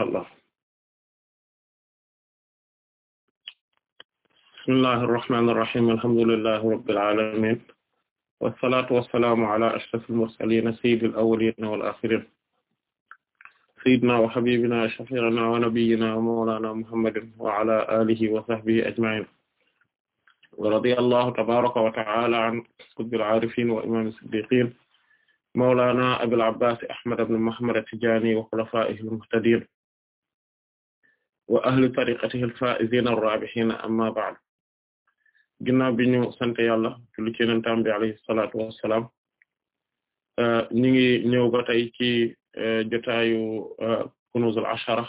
Allah bismillahir rahmanir rahim alhamdulillahi rabbil alamin wassalatu wassalamu ala ashrafil mursalin sayyidil awwalin wal akhirin sayyidina wa habibina shafi'ina wa nabiyyina wa mawlana muhammadin wa ala alihi wa sahbihi ajma'in wa radiyallahu tabaraka wa ta'ala an qutbil arifin wa imamil siddiqin mawlana abil abbas ahmad ibn muhammad at-tijani wa khulafa'ihil muhtadin wa ahli tariqatihi al-faa'iziina ar-raabihiina amma ba'd ginnaaw bi ñu sant yàlla julli ci alayhi salaatu wa salaam euh, ñu ngi ñëw ba tey ci euh, jotaayu euh, Kunuuz al-Ashara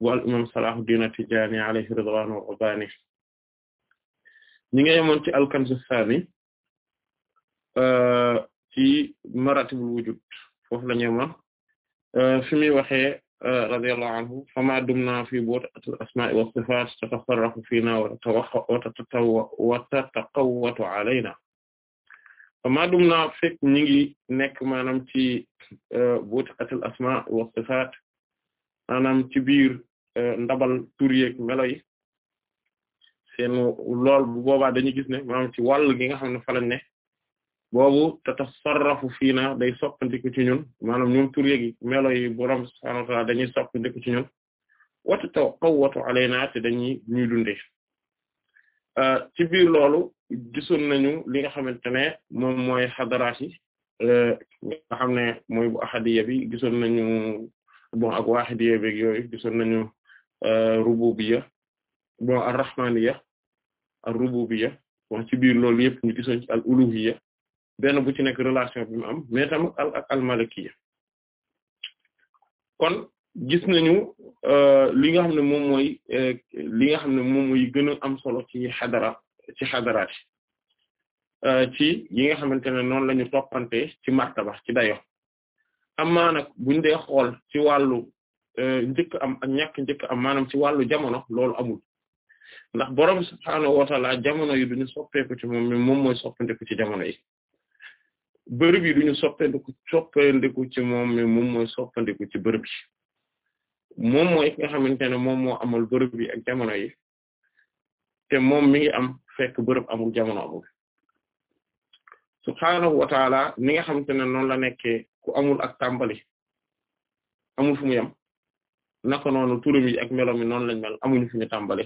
bu al-imaam Salaahudiin at-Tijaani alayhi ridwaanu wa-r-rabbaani al-kanz as-saani maratibul wujud foofu la ñu yemoon fi radiyallahu anhu fama dumna fi bu'tatil asma'i was sifat tatafarraqu fina wa tataqawwatu alayna fama dumna fekk ñi ngi nekk maanaam ci e, asma' was sifat maanaam ci biir e, ndabal tur yeeg melo yi seen lool bu boobaa dañuy gis ne maanaam ci wàll gi nga xam ne fa boobu tatasarrafu fiina day soppandiku ci ñun maanaam ñoom tur yeegi melo yi borom subhaanahu wa ta'aala dañuy soppandiku ci ñun wa tataqawwatu alaynaa te dañuy ñuy dundee euh, ci biir loolu gisoon nañu li nga xamante ne moom mooy xadaraat yi euh, nga xam ne mooy bu ahadiya bi gisoon nañu bon ak waahidiya bi yooyu gisoon nañu euh, rububiyya bon ar-rahmaniyya ar-rububiyya bon ci biir loolu yëpp ñu al-uluhiyya benn bu ci nekk relation bi am mais tamit al ak al maliki kon gis nañu euh, li nga xam ne moom mooy euh, li nga xam ne moom mooy gën am solo ci xadara ci xadaraat euh, ci yi nga xamante ne noonu la ñu toppante ci martaba ci dayo amaa nag buñ dee xool ci wàllu njëkk am ak ñàkk njëkk am maanaam ci wàllu jamono loolu amul ndax borom subhaanahu wa ta'ala jamono yi duñu soppeeku ci moom mais moom mooy soppanteku ci jamono yi bërëb yi duñu soppandiku soppandiku ci moom mi moom mooy soppandiku ci bërëb yi moom mooy ki nga xamante ne moom moo amul bërëb yi ak jamono yi te moom mi ngi am fekk bërëb amul jamono amul subhaanahu wa ni nga xamante ne noonu la nekkee ku amul ak tàmbali amul fu mu yem naka noonu turam yi ak melo yi noonu lañ mel amuñ fu tàmbali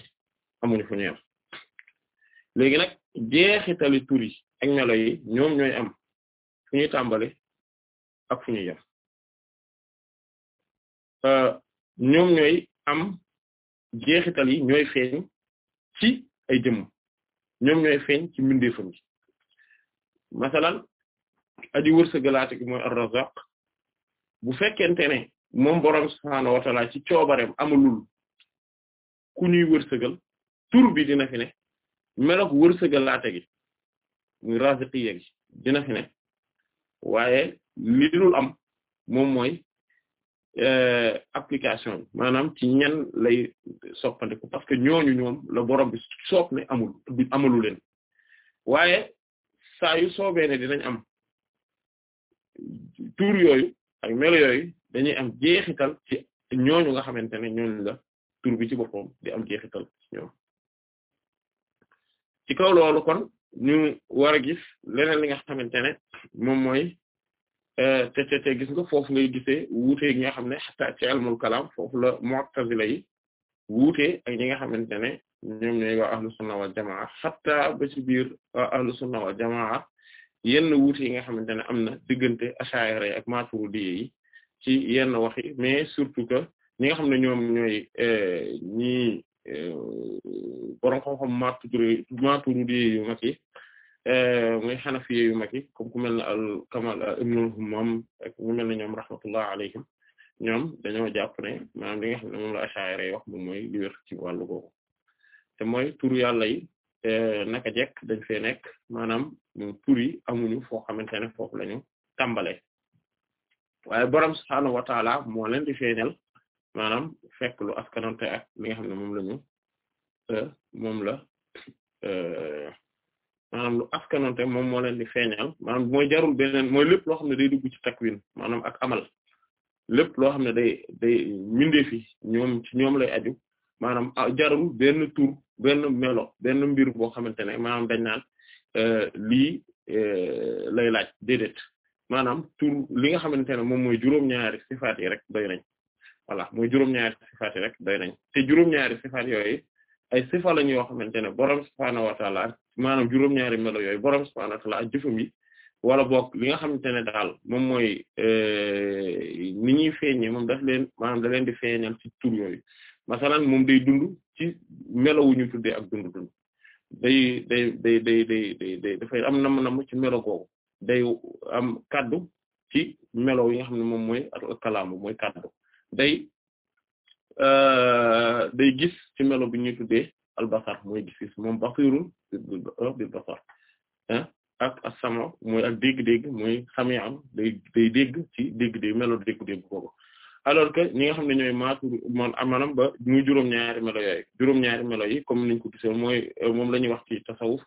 amuñ fu ñu yem léegi nag jeexitali tur yi ak melo yi ñoom ñooy am fu ñuy tàmbali ak fu ñuy yem euh, ñoom am jeexital yi ñooy feeñ ci ay jëmm ñoom ñooy feeñ ci mbindeefam yi masalan aji wërsëgalaate gi bu fekkente ne moom boroom subhaanahu wa ta'aala ci coobareem amulul ku ñuy wërsëgal tur bi dina fi ne melok wërsëgalaate gi waaye li dul am moom mooy euh, application bi maanaam ci ñan lay soppandiku parce que ñooñu ñoom la borom bi soop ne amul bi amalu leen waaye saa yu soobee ne dinañ am tuur yooyu ak melo yooyu dañuy am jeexital ci ñooñu nga xamante ne ñooñu la tur bi ci boppam di am jeexital ci kaw loolu kon ñu war a gis leneen li nga xamante ne moom mooy euh, te te te gis nga foofu ngay gisee wuute yi nga xam ne xataa ci ilmul kalaam foofu la mu'tazila yi wuute ak ñi nga xamante ne ñoom ñooy waa ahlu sunna wal jamaa xataa ba ci biir waa ahlu sunna wal jamaa yenn wuute yi nga xamante ne am na diggante ash'ari ak maturidi yi ci yenn wax yi mais surtout que ñi nga xam ne ñoom ñooy euh, ñi Eh, borom xam-xam maturidi maturidi yu mag yi eh, muy xanafi yu mag yi comme ku mel ne al Kamal ibn Hammam ak ñu mel ne ñoom rahmatullah ñoom dañoo jàpp ne maanaam li nga ne moom la Ash'ari wax moom mooy li wér ci wàllu googu te mooy turu yàlla yi eh, naka jekk dañ fe nekk maanaam tur yi amuñu foo xamante ne foofu lañu tàmbalee waaye borom subhaanahu wa ta'ala moo leen di feeñal maanaam fekk lu askanante ak li nga xam ne moom la ñu moom la euh, maanaam lu askanante moom moo leen di feeñal maanaam mooy jarul beneen mooy lépp loo xam ne day dugg ci takwin maanaam ak amal lépp loo xam ne day day mindee fi ñoom ci ñoom lay aju maanaam ah, jarul benn tur benn melo benn mbir boo xamante ne maanaam dañ naan euh, lii euh, lay laaj déedéet maanaam li nga xamante ne moom mooy juróom-ñaari rek doy nañ voilà muy juróom-ñaari sifaat yi yooyu ay sifa lañ yoo xamante ne borom subhaanahu wa ta'ala ak maanaam juróom-ñaari melo yooyu borom subhaanahu wa ta'ala ak yi wala boog li nga xamante ne daal moom mooy eh, ni ñuy feeñee moom daf leen maanaam da leen di feeñal ci tur yooyu masalan moom day dund ci melo wu ñu ak dund dund day day day day am namm-namm ci melo googu day am kaddu ci melo yi nga xam ne moom mooy ak kalaamu mooy kaddu. day euh, day gis ci melo bi ñuy tuddee albasar mooy gis-gis moom basirun a basar ak as-sama mooy ak dégg-dégg mooy xamee am day day dégg ci dégg-dégg melo dégg-dégg boobu alors que ñi nga xam ne ñooy maaturu man amanam ba muy juróom-ñaari melo yooyu juróom-ñaari melo yi comme niñ ko gisee mooy moom la wax ci tasawuf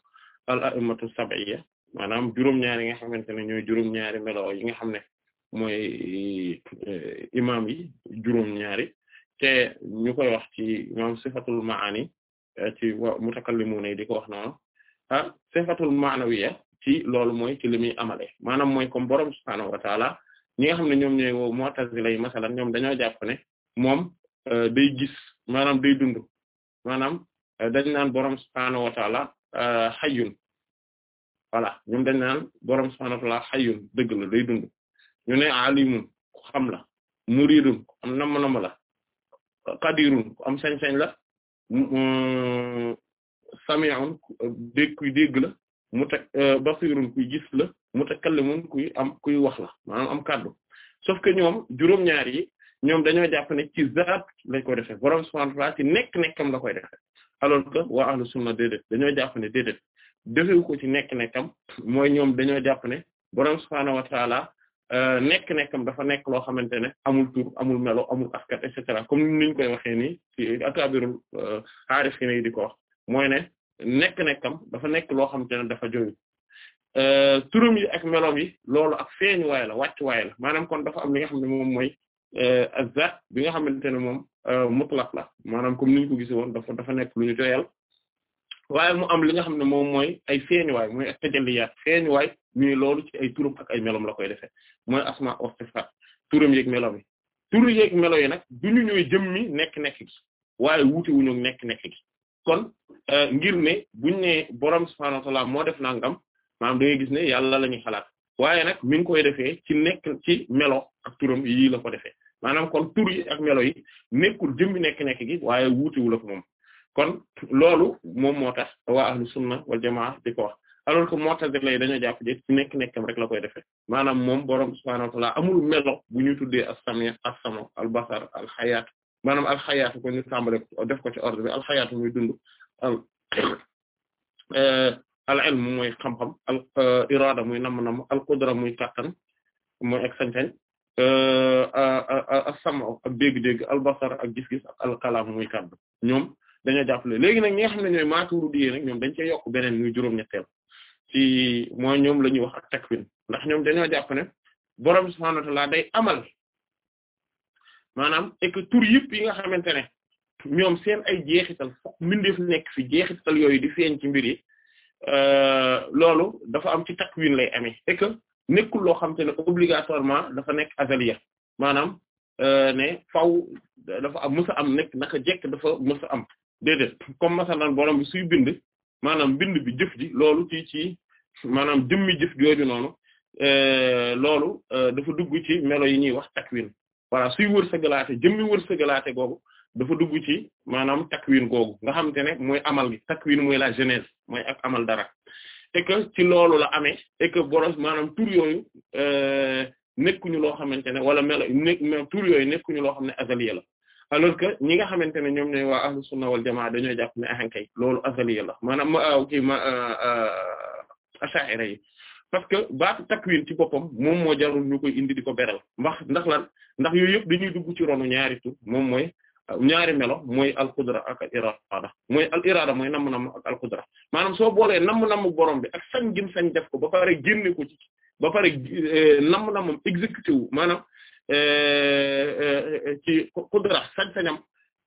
al a sab'iyya maanaam juróom-ñaari yi nga xamante ne ñooy juróom-ñaari melo yi nga xam ne mooy eh, imam yi juróom-ñaari te ñu koy wax ci imam sifatul maani eh, ci mutakallimuna di ko wax noonu ah sifatul ma'nawiyya ci loolu mooy ci li muy amale maanaam mooy comme borom subhaanahu wa ta'ala ñi nga xam ne ñoom ñooy woo mu'tazila yi masalan ñoom dañoo jàpp moom eh, day maanaam day dund maanaam dañ naan borom subhaanahu wa ta'ala voilà ñoom dañ naan borom subhaanahu wa ta'ala hayyun dëgg la day dund. ñu ne alimun ku xam la muridun am namm namm la qadirun am sañ-sañ la sami'un dégg kuy dégg la mu ta euh, basirun kuy gis la mutakallimun kuy am kuy wax la maanaam am kàddu sauf que ñoom juróom-ñaar yi ñoom dañoo jàpp ne ci zaat lañ koy defee borom subhaanahu wa ta'aala ci nekk-nekkam la koy defee alors que waa ahlu dañoo jàpp ne déedéet defewu ko ci nekk-nekkam mooy ñoom dañoo jàpp ne borom subhaanahu wa Euh, nekk-nekkam dafa nekk loo xamante ne amul tur amul melo amul askan et cetera comme niñ koy waxee nii ci akabirul euh, aarifina yi di ko wax mooy ne nekk-nekkam dafa nekk loo xamante ne dafa joyu euh, turam yi ak melom yi loolu ak feeñu waay la wàcc waay la maanaam kon dafa am li nga xam ne moom mooy azat bi nga xamante ne moom mutlaq la maanaam comme niñ ko gise woon dafa dafa nekk lu ñu joyal waaye mu am li nga xam ne moom mooy ay feeñuwaay mooy ak tajalliyaat feeñuwaay ñuy loolu ci ay turam ak ay melom la koy defee mooy asma wa sifaat turam yeeg melo mi tur melo yi nag du ñu ñooy jëmmi nekk-nekk gi waaye wuute wuñu nekk-nekk gi kon euh, ngir ne buñ ne borom subhaanahu moo def nangam maanaam da gis ne yàlla la ñuy xalaat waaye nag mi ngi koy defee ci nekk ci melo ak turam yii la ko defee maanaam kon tur yi melo yi nekkul jëmmi nekk-nekk gi waaye wuute wu la ko moom kon loolu moom moo tax waa ahlu sunna wal jamaa di ko wax alors que mu'tazila yi dañoo jàpp ci nekk nekkam rek la koy defee maanaam moom borom subhaanahu wa ta'ala amul melo bu ñu tuddee as-sami' as-samu al-basar al-hayaat maanaam ko ñu def ko ci ordre bi al-hayaat muy dund al euh, al-ilm muy xam-xam al euh, muy namm-namm al muy kàttan mooy ak sañ-sañ euh, as-samu ak dégg-dégg al-basar gis-gis ak muy kàddu ñoom. dañoo jàppale léegi nag ñi nga xam ne ñooy maaturidiyya nag ñoom dañ cee yokk beneen muy juróom-ñetteel ci mooy ñoom la ñuy wax ak takwin ndax ñoom dañoo jàpp ne borom subhaanahu wa ta'aala day amal maanaam et yëpp yi nga xamante ne ñoom seen ay jeexital fokk mbindeef nekk fi jeexital yooyu di feeñ ci mbir yi euh, loolu dafa am ci takwin lay amee et que loo xam te ne obligatoirement dafa nekk azaliya maanaam euh, ne faw dafa am mësa am nekk naka jekk dafa mësa am déedéet comme masalan borom bi suy bind maanaam bind bi jëf ji loolu ci ci maanaam jëmmi jëf jooju noonu euh, loolu euh, dafa dugg ci melo yi ñuy wax takwin voilà suy wërsëgalaate jëmmi wërsëgalaate googu dafa dugg ci maanaam win googu nga xamante ne mooy amal gi takwin mooy la genèse mooy ak amal dara et ci loolu la amee et que boros maanaam tur yooyu euh, nekkuñu loo xamante ne wala melo nekk tur yooyu nekkuñu loo xam ne azaliya la alors que ñi nga xamante ne ñoom ñooy waa ahlu sunna wal jamaa dañoo jàpp ne ahankay loolu azaliya la maanaam ah, kii ma ah, ah, asha'ira yi parce que baatu takwin ci boppam moom moo jarul ñu koy indi di ko beral mbax ndax lan ndax yooyu yëpp dañuy dugg ci ronu ñaari tur moom mooy ñaari melo mooy al qudra ak al irada mooy al irada mooy namm namm ak al qudra maanaam soo boolee namm namm borom bi ak sañ gim sañ def ko ba pare génne ko ci ba pare eh, namm nammam exécuté wu maanaam Euh, euh, ci qudra sañ-sañam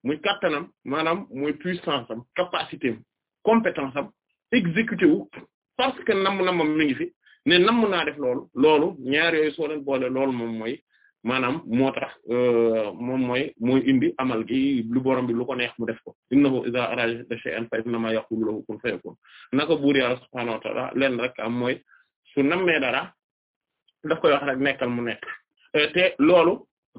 muy kattanam maanaam muy puissance am capacité am compétence am exécuté wu parce que namm na moom mi ngi fi ne namm naa def loolu loolu ñaar yooyu soo leen boole loolu moom mooy maanaam moo tax euh, moom mooy mooy indi amal gi lu borom bi lu ko neex mu def ko innahu idha arada shay'an fa innama yaqulu lahu kun naka buur yàlla subhaanahu wa ta'ala leen rek am mooy su nammee dara daf koy wax rek nekkal mu nekk Euh, te loolu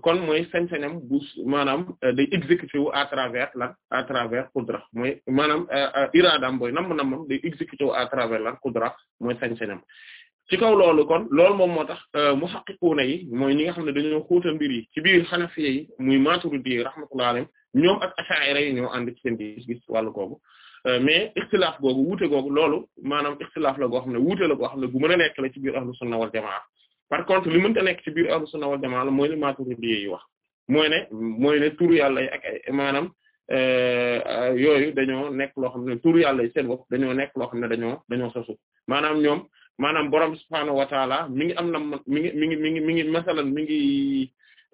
kon mooy sañ-sañam bu maanaam euh, day exécuté wu à travers la à travers qudra mooy maanaam euh, iraadaam booy nam nam day exécuté wu à travers lan qudra mooy sañ-sañam ci kaw loolu kon loolu moom moo tax muhaqqiquna yi mooy ñi nga xam ne dañoo xóotal mbir yi ci biir xanafiya yi muy maturidi rahmatullahi alayhim ñoom ak asha'ira yi ñoo ànd ci seen gis-gis wàllu googu mais ixtilaaf googu wuute googu loolu maanaam ixtilaaf la goo xam ne wuute la goo xam ne bu mën a nekk la ci biir ahlu sunna par contre li mënta nekk ci biir ahlu sunna wal jamaa la mooy li maturidi yi wax mooy ne mooy ne turu yàlla yi ak ay maanaam euh, yooyu dañoo nekk loo xam ne turu yàlla yi seen bopp dañoo nekk loo xam ne dañoo dañoo sosu maanaam ñoom maanaam borom subhaanahu wa taala mi ngi am na mi ngi mi ngi mi ngi mi ngi masalan mi ngi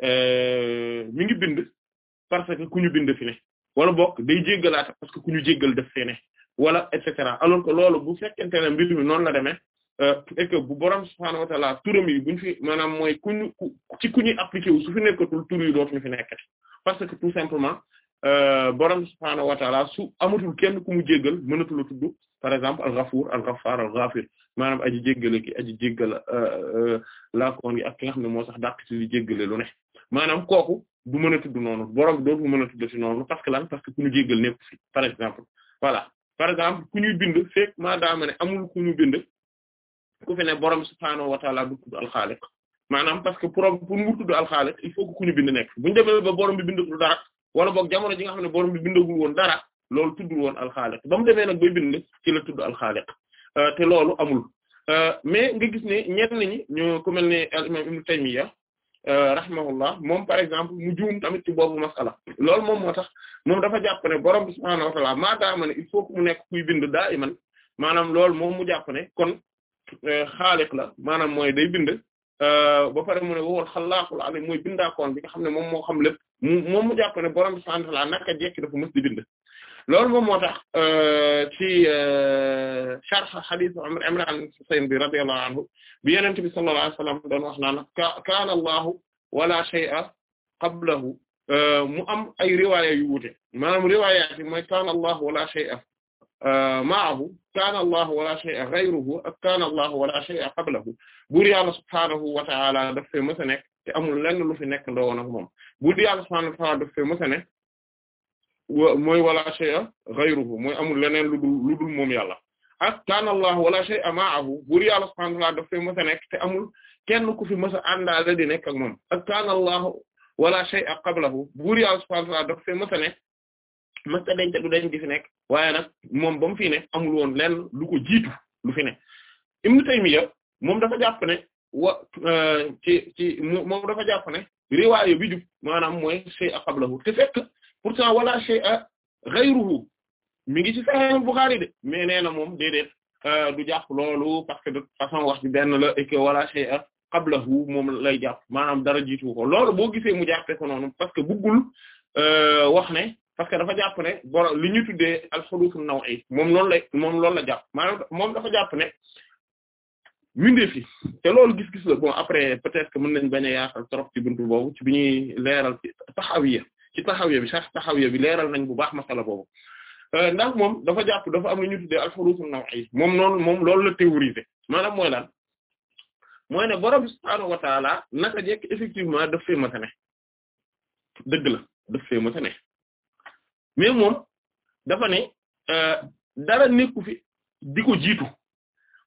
euh, mi ngi bind parce que ku ñu bind fi ne wala bokk day jéggalaat parce que ku ñu jéggal def fi ne wala et cetera alors que loolu bu fekkente ne mbir mi noonu la demee et euh, que bu borom subhaanahu wa ta'ala fi maanaam mooy kuñu ci ku ñuy appliqué wu fi nekkatul tur yi dootuñu fi nekkati parce que tout simplement euh, borom subhaanahu wa ta'ala su kenn ku mu jéggal mënatul a tudd par exemple al-Ghafuur al-Ghaffaar al-Ghaafir maanaam aji jéggale ki aji jéggala euh, laakoon gi ak ki nga xam moo sax dàq ci li jéggale lu ne maanaam kooku du mën a tudd noonu borom dootu mën a tudd ci noonu parce que lan parce que ku ñu jéggal nekk fi par exemple voilà par exemple ma ne amul ku ñu ku fi ne borom subhaanahu wa ta'ala du parce que pour pour mu tudd alxaaliq il faut ku ñu bind nekk bu ñu demee ba borom bi bindagul dara wala boog jamono ji nga xam ne borom bi bindagul woon dara loolu tuddul woon alxaaliq ba mu demee nag bay bind ki la tudd alxaaliq euh, te loolu amul euh, mais nga gis ne ñenn ñi ñu ku mel ne al imam ibnu Taymiyya euh, rahimahullah moom par exemple mu juum tamit ci boobu masala loolu moom moo tax moom dafa jàpp ne borom bi subhaanahu wa ta'ala mu nekk kuy bind daa iman maanaam loolu moom mu jàpp ne kon Euh, xaaliq la maanaam mooy day bind euh, ba pare mu ne wowal xalaaqul alim mooy bindaakoon bi nga xam ne moom moo xam lépp mu moom mu jàpp ne borom subhaanahu wa ta'aala naka jekki dafa mës di loolu moom moo tax euh, ci sharh hadith Imraan ibn Husayn bi radiyallahu anhu bi Yonent bi sallallahu alayhi wa sallam wax naan kaana Allahu wala shay'a qablahu mu am ay riwaaya yu wuute maanaam riwaayaat yi mooy kaana Allahu wala shay'a maahu kaana allah wala shay'a ghayruhu ak kaana allah wala shay'a qablahu buur yàlla subhaanahu wa ta'ala daf fee mësa nekk te amul lenn lu fi nekk ndoo woon ak moom buur yàlla subhaanahu wa ta'ala daf fee mësa nekk mooy wala shay'a ghayruhu mooy amul leneen lu dul lu dul moom yàlla ak kaana allah wala shay'a maahu buur yàlla subhaanahu wa ta'ala daf fee mësa nekk te amul kenn ku fi mësa àndaale di nekk ak moom ak kaana allah wala shay'a qablahu buur yàlla subhaanahu wa ta'ala daf fee mësa nekk mësta denc du dañ di fi nekk waaye nag moom ba mu fi ne amul woon lenn lu ko jiitu lu fi ne Ibn Taymiyya moom dafa jàpp ne wa euh, ci ci moom dafa jàpp ne riwaayo bi jub maanaam mooy shay'a qablahu te fekk pourtant wala shay'a ghayruhu mi ngi ci Sahih Bukhari de mais nee na moom déedéet euh, du jàpp loolu parce que de toute façon wax bi benn la et que wala shay'a qablahu moom lay jàpp maanaam dara jiitu ko loolu boo gisee mu jàppee ko noonu parce que bëggul euh, wax ne parce que dafa jàpp ne boro li ñu tuddee alxaduutu naw ay moom loolu lay moom loolu la jàpp maanaam moom dafa jàpp ne mindee fi te loolu gis-gis la bon après peut-être que mën nañ bañ a yaatal trop ci buntu boobu ci bi ñuy leeral ci taxawiya ci taxawiya bi sax taxawiya bi leeral nañ bu baax masala boobu euh, ndax moom dafa jàpp dafa am lu ñu tuddee alxaduutu naw ay moom noonu moom loolu la théoriser maanaam mooy lan mooy ne borom subhaanahu wa taala naka jekk effectivement daf fee matane mais moom dafa ne euh, dara nekku fi di ko jiitu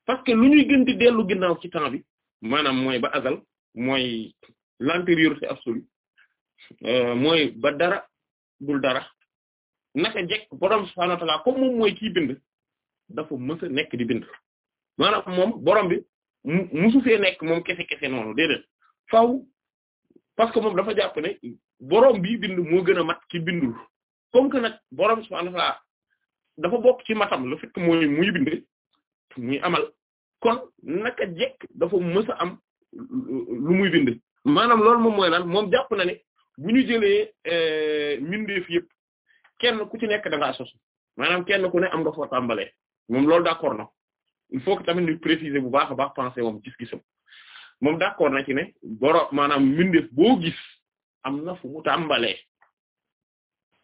parce que lu ñuy gën di dellu ginnaaw ci temps bi maanaam mooy ba azal mooy l'antériorité absolue euh, mooy ba dara dul dara naka jekk borom subhaanahu wa ta'aala comme moom mooy bind dafa mës nekk di bind maanaam moom borom bi mu musu fee nekk moom kese kese noonu déedéet faaw parce que moom dafa jàpp ne borom bii bind moo gën a mat ki bindul. comme que nag borom subhaanahu wa fa dafa bokk ci matam lu fekk mooy muy bind muy amal kon naka jekk dafa mës am lu muy bind maanaam loolu moom mooy lan moom jàpp na ne bu ñu jëlee euh, mbindeef yëpp kenn ku ci nekk da ngaa sos maanaam kenn ku ne am nga foo tàmbalee moom loolu d'accord na il faut que tamit ñu préciser bu baax a baax pensée moom gis-gisam moom d'accord na ci ne boro maanaam mbindeef boo gis am na fu mu tàmbalee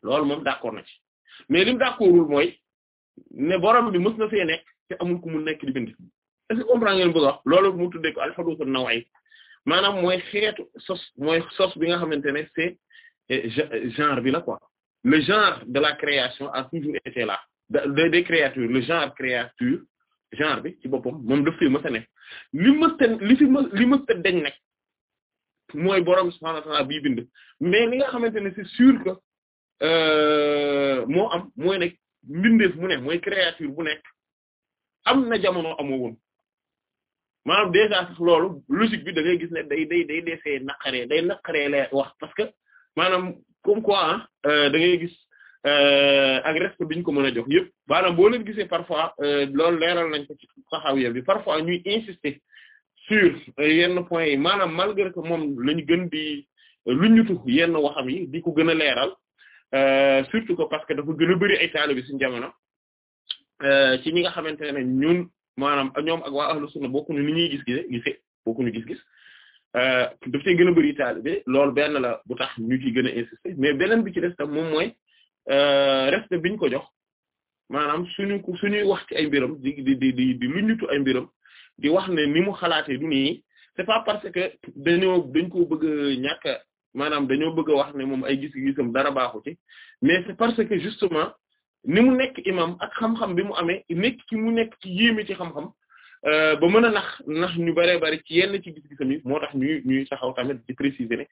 loolu moom d'accord na ci mais li mu mooy ne borom bi mës na fee nekk te amul ku mu nekk di bind est-ce que comprendre mu tuddee ko alxaduutu maanaam mooy xeetu sos mooy sos bi nga xamante ne eh, genre bi la quoi le genre la création a toujours des des créatures le genre créature genre bi boppam moom daf fi mës a nekk li mës a li fi mës deñ nag mooy borom subhaanahu wa ta'aala bind mais li nga xamante c'est sûr Euh, moo am mooy nekk mbindeef mu ne mooy créature bu nekk am na jamono amoo woon maanaam déjà sax loolu logique bi da ngay gis ne day day day defee naqaree day naqaree lay wax parce que maanaam comme quoi euh, da ngay gis euh, ak respect bi ñu ko mën a jox yëpp maanaam boo leen gisee parfois loolu leeral nañ ko ci taxawiya bi parfois ñuy insister sur yenn point yi maanaam malgré que moom la ñu gën di luñutu yenn waxam yi di ko gën a leeral Euh, surtout que parce que dafa gën a bëri ay taalibe suñu jamono euh, ci ñi nga xamante ne ñun maanaam ñoom ak waa ahlu sunna bokkuñu ni ñuy gis-gise gisee bokkuñu gis-gis euh, daf cee gën a bëri taalibe loolu benn la bu tax ñu ciy gën a mais beneen bi ci des tam moom mooy respect biñ ko jox maanaam suñu suñuy wax ci ay mbiram di di di di lu ñutu ay mbiram di wax ne ni mu xalaatee du ni c'est pas parce que dañoo dañ koo bëgg maanaam dañoo bëgg a wax ne moom ay gis-gisam dara baaxu ci mais parce que justement ni mu nekk imam ak xam-xam bi mu amee nekk ci mu nekk ci yéeme ci xam-xam euh, ba mën a nax nax ñu baree bari ci yenn ci gis-gisam yi moo tax ñuy ñuy taxaw tamit di préciser ne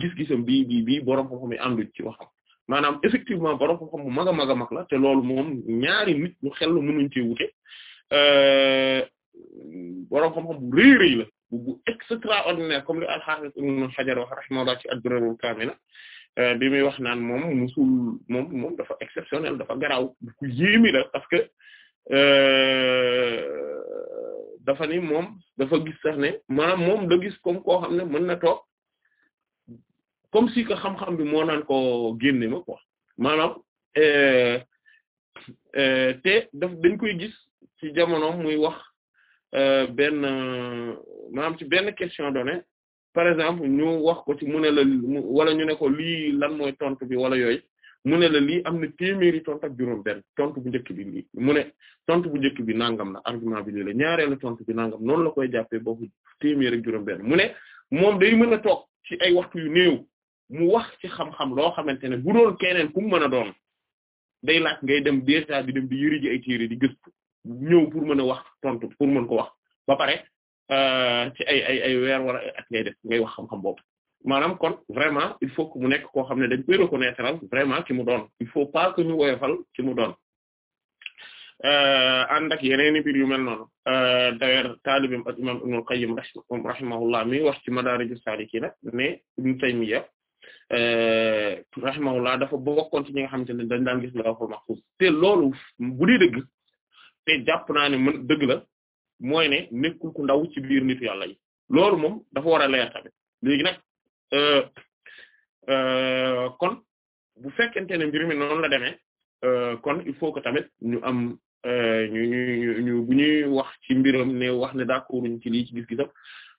gis-gisam bii bii bii boroom xam-xam yi ànduñ ci waxam maanaam effectivement boroom xam-xam mu mag a mag a mag la te loolu moom ñaari nit ñu xel mënuñ cee wute euh, boroom xam-xam bu rëy rëy la bu extraordinaire comme li al-Hafiz Ibn Hajar wax rahimahullah ci ad-Durarul Kamila euh, bi muy wax naan moom musul moom moom dafa exceptionnel dafa garaaw du ko parce que euh, dafa ni moom dafa gis sax ne maanaam moom da gis comme koo xam ne mën na toog comme si que xam-xam bi moo naan ko génne ma quoi maanaam euh, te daf dañ koy gis ci jamono muy wax Euh, benn maanaam ci benn question donnée par exemple ñu wax ko ci mu ne la wala ñu ne ko lii lan mooy tontu bi wala yooyu mu ne la lii am na téeméeri tontu ak juróom benn tontu bu njëkk bi lii mu ne tontu bu njëkk bi nangam na argument bi lii la ñaareelu tontu bi nangam noonu la koy jàppee boobu téeméer ak juróom benn mu ne moom day mën a toog ci ay waxtu yu néew mu wax ci xam-xam loo xamante ne bu doon keneen ku mu mën a doon day laaj ngay dem déjà di dem di yëri ji ay téere di gëstu ñëw pour mën a wax tontu pour mën ko wax ba pare euh, ci ay ay ay weer wala ay at ngay def wax xam-xam boobu maanaam kon vraiment il faut que mu nekk koo xam ne dañ koy reconnaître vraiment ci mu doon il faut pas que ñu woyofal ci mu doon euh, ànd ak yeneen i mbir yu mel noonu euh, d'ailleurs taalibim ak imam Ibn al-Qayyim rahimahullah mi wax ci Madaariju Saalikiina ne Ibn Taymiyya rahimahullah dafa bokkoon ci ñi nga xamante ne dañ daan gis lawhul mahfuz te te jàpp naa ne mën dëgg la mooy ne nekkul ku ndaw ci biir nit yàlla yi loolu moom dafa war a leer tamit léegi nag euh, euh, kon bu fekkente ne mbir mi noonu la demee euh, kon il faut que tamit ñu am ñu ñu ñu bu ñuy wax ci mbir ne wax ne d'accord ci lii ci gis-gisam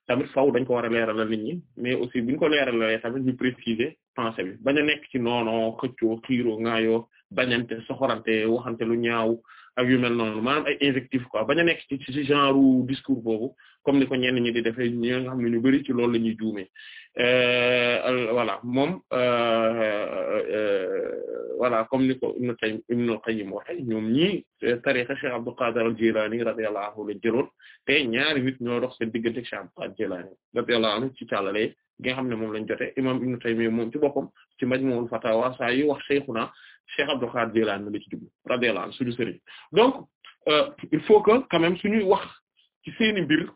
tamit faaw dañ ko war a leeralal nit ñi mais aussi bu ñu ko leeralalee tamit ñu préciser pensée bi bañ a nekk ci noonoo xëccoo xiiroo ŋaayoo bañante soxorante waxante lu ñaaw ak yu mel noonu maanaam ay invectif quoi bañ a nekk ci ci genre discours boobu comme ni ko ñenn ñi di defee ñi nga xam ne ñu bari ci loolu la ñuy euh, voilà moom euh, euh, voilà comme ni ko Ibn Qayyim Ibn Qayyim waxee ñoom ñii tarixa Cheikh Abdul Qadir al-Jilani radiyallahu anhu la jëloon te ñaari nit ñoo dox seen diggante Cheikh Abdul Qadir al-Jilani radiyallahu anhu ci càllale gi nga xam ne moom lañ jotee imam Ibn Taymiyya moom ci boppam ci Majmu'ul Fatawa saa yu wax Cheikhuna Cheikh Abdou Khadr Jilani la ci jublu radiyallahu suñu sëriñ donc euh, il faut que quand suñuy wax ci seeni mbir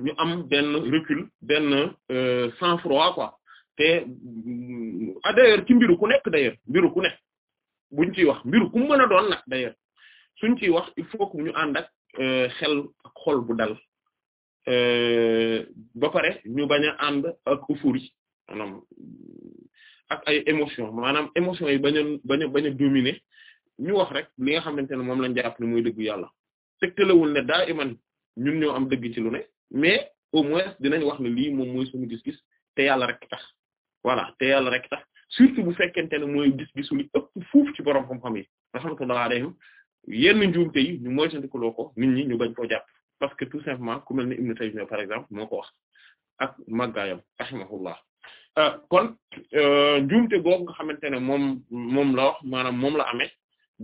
ñu am benn recul benn euh, sang-froid quoi te mm, ah d'ailleurs ci mbiru nekk d'ailleurs mbiru ku buñ ciy wax mbiru ku mën a doon nag d'ailleurs suñ ciy wax il faut que ñu ànd euh, xel xol bu dal ba pare ñu baña a ànd ak ufuri ak ay émotion maanaam émotion yi bañ a bañ a bañ a dominer ñu wax rek li nga xamante ne moom lañ jàpp ne mooy dëggu yàlla lawul ne daal iman ñun ñoo am dëgg ci lu ne mais au moins dinañ wax ne lii moom mooy suñu gis-gis te yàlla rek tax voilà te yàlla rek tax surtout bu fekkente ne mooy gis-gisu li ëpp fuuf ci borom xam-xam yi rahmatullah alayhim yenn njuumte yi ñu moytandikuloo ko nit ñi ñu bañ koo jàpp parce que tout simplement ku mel ne Ibn Taymiyya par exemple moo ko wax ak màggaayam Euh, kon euh, njuumte googu nga xamante ne moom moom la wax maanaam moom la amee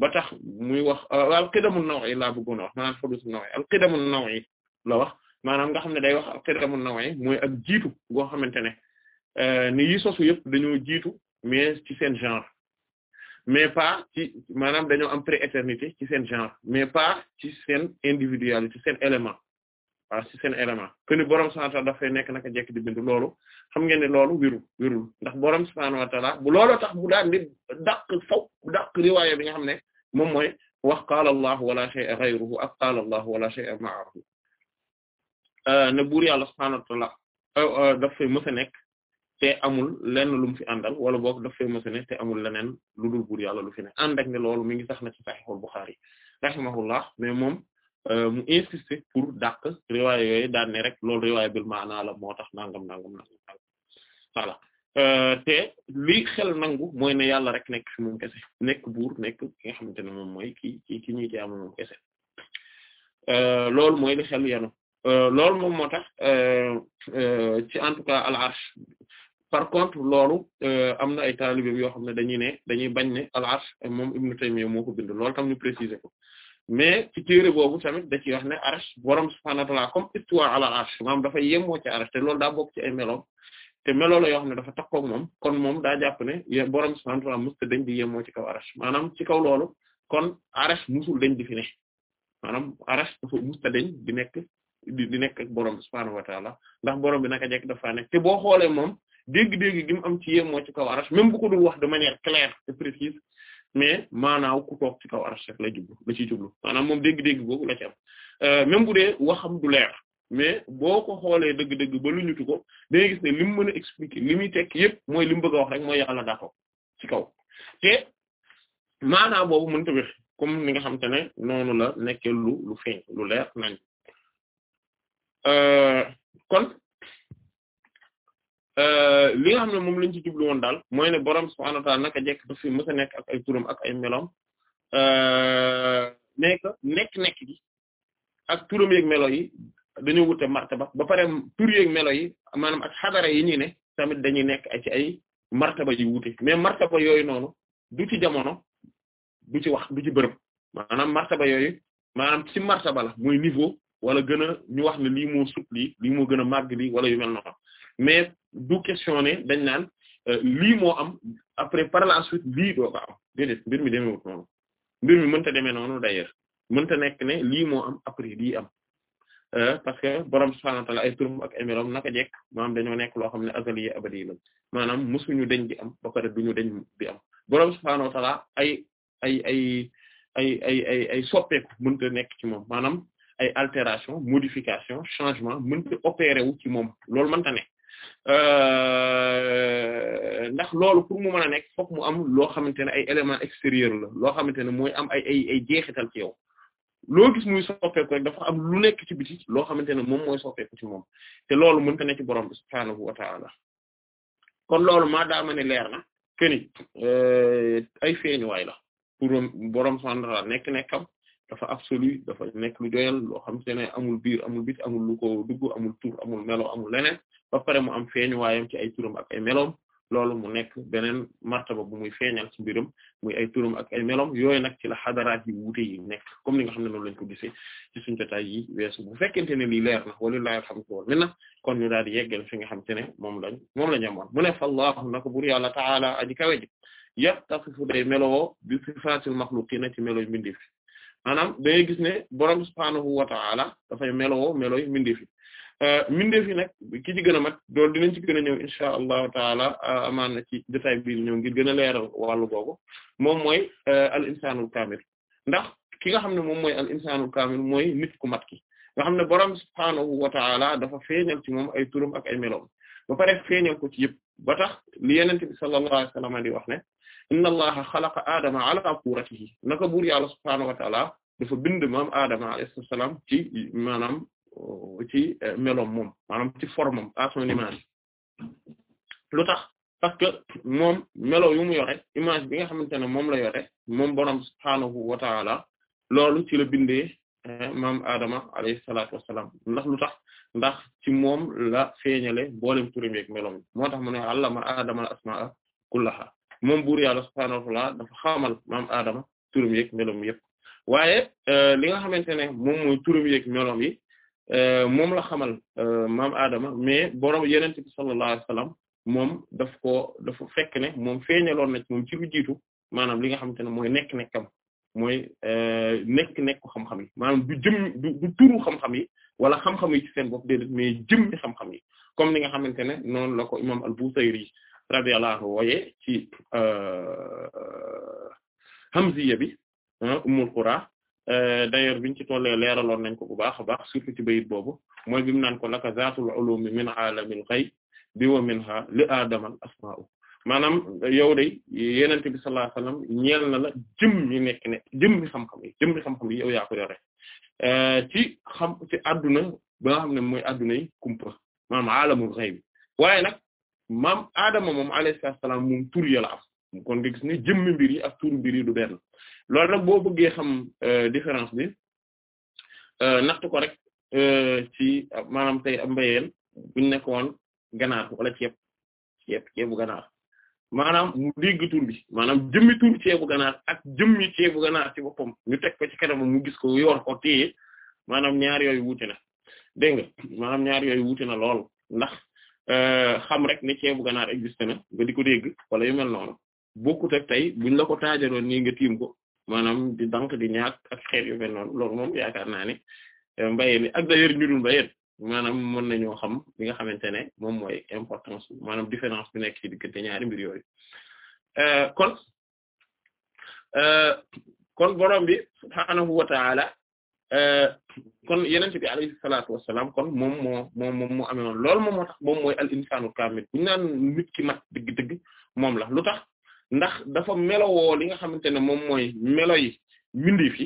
ba tax muy wax euh, alqidamu naw'i laa bëggoon a wax maanaam hudus naw'i alqidamu naw'i la wax maanaam nga xam ne day wax na naw'i mooy ak jiitu goo xamante ne ni yi sosu yëpp dañoo jiitu mais ci seen genre mais pas ci maanaam dañoo am prééternité ci seen genre mais pas ci seen individualité ci seen élément waaw ci seen élément que ni borom subhanahu wa ta'ala dafay nekk naka jekk di bind loolu xam ngeen ne loolu wirul wirul ndax borom subhanahu wa ta'ala bu looloo tax bu daan di dàq faw dàq riwaaya bi nga xam ne moom mooy wax qaala allah wala shay'a ghayruhu ak qaala allah wala shay'a ma'ahu euh, ne buur yàlla subhanahu wa ta'ala euh, euh, dafay mës nekk te amul lenn lu mu fi àndal wala boog dafay mës a nekk te amul leneen lu dul buur yàlla lu fi ne ànd ak ne loolu mi ngi sax na ci sahihul Bukhari rahimahullah mais moom Euh, mu insister pour dàq riwaay yooyu daan ne rek loolu riwaay bil maanaa la moo tax nangam nangam nangam voilà euh, te li xel nangu mooy ne yàlla rek nekk fi kese nekk buur nekk ki nga xamante ne moom mooy ki ki ki ñuy jaamu kese euh, loolu mooy li xel yanu loolu moom moo tax ci en tout cas al arsh par contre loolu am na ay taalibe yoo xam ne dañuy ne dañuy bañ ne al arsh moom Ibn Taymiyya moo ko bind loolu tam ñu préciser mais ci téere boobu tamit da ci wax ne arsh borom subhaanahu wa ta'aala comme istiwa ala arsh maanaam dafa yemoo ci arsh te loolu daa bokk ci ay meloom te meloo la yoo xam ne dafa takkoo ak moom kon moom daa jàpp ne borom subhaanahu wa ta'aala musta dañ di ci kaw arsh maanaam ci kaw loolu kon arsh musul dañ di fi ne maanaam arsh dafa musta dañ di nekk di nekk ak borom subhaanahu wa ta'aala ndax borom bi naka jekk dafa nekk te boo xoolee moom dégg-dégg gi am ci yemoo ci kaw arsh même bu ko dul wax de manière claire et précise mais maanaaw ku toog ci kaw arsh rek la jublu la ci jublu maanaam moom dégg-dégg boobu la ci am euh, même bu dee xam du leer mais boo ko xoolee dëgg-dëgg ba lu ñutu ko dangay gis ne li mu mën a expliquer li muy tekk yëpp mooy li mu bëgg a wax rek mooy yàlla daa toog ci kaw te maanaa boobu mënta wér comme ni nga xamante ne noonu la nekkee lu lu feeñ lu leer nañ euh, kon Euh, li nga xam ne moom lañ ci jublu woon daal mooy ne borom subhaanahu wa ta'aala naka jekk daf fi mës a nekk ak ay turam ak nekk-nekk euh, gi ak turam yeeg melo yi dañoo wute martaba ba pare tur yeeg melo yi maanaam ak xadara yi ñuy ne tamit dañuy nekk ci ay martaba yu wute mais martaba yooyu noonu du ci jamono du ci wax du ci bërëm maanaam martaba yooyu maanaam ci martaba la muy niveau wala gën a ñu wax ne lii moo sut lii lii gën a màgg lii wala yu mel mais du question ne dañ naan euh, lii moo am après par la suite lii doo ko am déedéet mbir mi demeewut noonu mbir mi mënta demee noonu d'ailleurs mënta nekk ne lii moo am après lii am euh, parce que borom subhaanahu wa ay turum ak émérom naka jekk maanaam dañoo nekk loo xam ne azali abadi la maanaam musuñu deñ di am ba pare duñu deñ di am borom subhaanahu wa ta'aala ay ay ay ay ay ay ay soppeeku mënta nekk ci moom maanaam ay altération modification changement mënta opéré ci moom loolu mënta nekk Euh, ndax loolu pour mu mën nekk fokk mu am loo xamante ne ay élément extérieur la loo xamante ne mooy am ay ay ay jeexital ci yow loo gis muy soppeeku rek dafa am lu nekk ci biti loo xamante ne moom mooy soppeeku ci moom te loolu mënta ne ci borom bi subhaanahu wa ta'ala kon loolu maa daama ne leer na keni euh, ay feeñuwaay la pour borom subhaanahu wa ta'ala nekk nekkam dafa absolu dafa nekk lu doyal loo xam te ne amul biir amul bit amul lu ko dugg amul tur amul melo amul leneen ba pare mu am feeñ waayam ci ay turam ak ay meloom lool mu nekk beneen martaba bu muy feeñal ci mbiram muy ay turam ak ay melom yooyu nag ci la xadaraat yi wuute yi nekk comme ni nga xam ne noonu lañ ko gisee ci suñu jotaay yi bu fekkente ne lii leer na wala laa alhamdulilah mi na kon ñu daal di fi nga xam te ne moom lañ moom lañ amoon mu ne fa allahu nako bur yàlla taala aji kawe ji yattasifu day melowoo bi sifaatil maxluqiina ci melo mbindeef maanaam da ngay gis ne borom subhaanahu wa ta'ala dafay meloo melo yi mbindeef yi euh, mbindeef yi nag ki ci gën a mat dool dinañ ci gën a ñëw insha allahu taala euh, amaan ci jotaay bi ñëw ngir gën a leeral wàllu googu moom mooy euh, al insaanul kaamil ndax ki nga xam ne moom mooy al insaanul kaamil mooy nit ku mat ki nga xam ne borom subhaanahu wa ta'ala dafa feeñal ci moom ay turam ak ay meloom ba pare feeñal ko ci yëpp ba tax li yenente bi sallallahu alayhi wax ne inna allaha xalaqa aadama ala suratihi naka buur yàlla subhaanahu wa taala bind maam aadama alayhi salaam ci maanaam uh, ci uh, meloom moom maanaam ci formam à son image lu tax parce que melo yu mu yore image bi nga xamante ne moom la yore moom bonam subhaanahu wa taala loolu ci la bindee eh, mam Adama alayhi salaatu wassalaam ndax lu tax ndax ci moom la feeñale mboolem turam ak meloom moo tax mu ne allama Adama al asmaa kullaha moom buur yàlla subhaanahu wa ta'aala dafa xamal maam Adama turam yeeg meloom yëpp waaye euh, li nga xamante ne moom mooy turam yeeg meloom yi euh, moom la xamal euh, maam Adama mais borom yonent bi sallallahu alayhi wa sallam moom daf ko dafa fekk ne moom feeñaloon na ci moom ci lu jiitu maanaam li nga xamante ne mooy nekk-nekkam mooy nekk-nekku xam-xam yi maanaam du jëm du turu xam-xam yi wala xam-xam yi ci seen bopp déedéet mais jëm xam-xam yi comme ni nga xamante ne noonu la ko imaam al-Busayri radiyallahu anhu wooyee ci euh, hamziya bi ah, ummul qura euh, d'ailleurs biñ ci tollee leeraloon nañ ko bu baax a baax surtout ci bayit boobu mooy bi mu naan ko laka zaatul ulumi min aalamil xayb bi wa minha li aadamal asmaa'u maanaam yow de yenente bi sallallahu alayhi ñeel na la jëm nekk ne jëm mi xam-xam yi jëm mi xam-xam yi yow euh, ci xam ci ba xam ne mooy adduna yi kumpa maanaam aalamul xayb waaye nag maam Adama moom alayhi salaam moom tur ya la kon nga gis ne jëmmi mbir yi ak turu mbir yi du benn loolu nag boo bëggee xam euh, différence bi euh, naxtu ko rek euh, ci maanaam tey mbayeen buñ nekkoon ganaar wala ceeb ceeb ceebu ganaar maanaam mu dégg tur bi maanaam jëmmi tur ceebu ganaar ak jëmmi ceebu ganaar ci boppam ñu teg ko ci kanam mu gis ko yor ko téye maanaam ñaar yooyu wuute na dégg nga maanaam ñaar yooyu wuute na lool ndax. Euh, xam rek ne ceebu ganaar existé na nga di ko dégg wala yu mel noonu bokkut ak tey buñ la ko taajaloon nii nga tiim ko maanaam di dank di ñaak ak xeet yu mel noonu loolu moom yaakaar naa ne euh, mbayeen ak d'ailleurs ñu dul mbayeen maanaam mën nañoo xam li nga xamante ne moom mooy importance maanaam différence bi nekk ci diggante ñaari mbir yooyu euh, kon kon borom bi subhaanahu wa ta'ala Euh, kon yenente bi alayhi salaat wassalaam kon moom moo moom moom moo amee woon loolu moom moo tax moom mooy al insaanul kaamil bu ñu naan nit ki mat dëgg-dëgg moom la lu tax ndax dafa melowoo li nga xamante ne moom mooy melo yi mbindi fi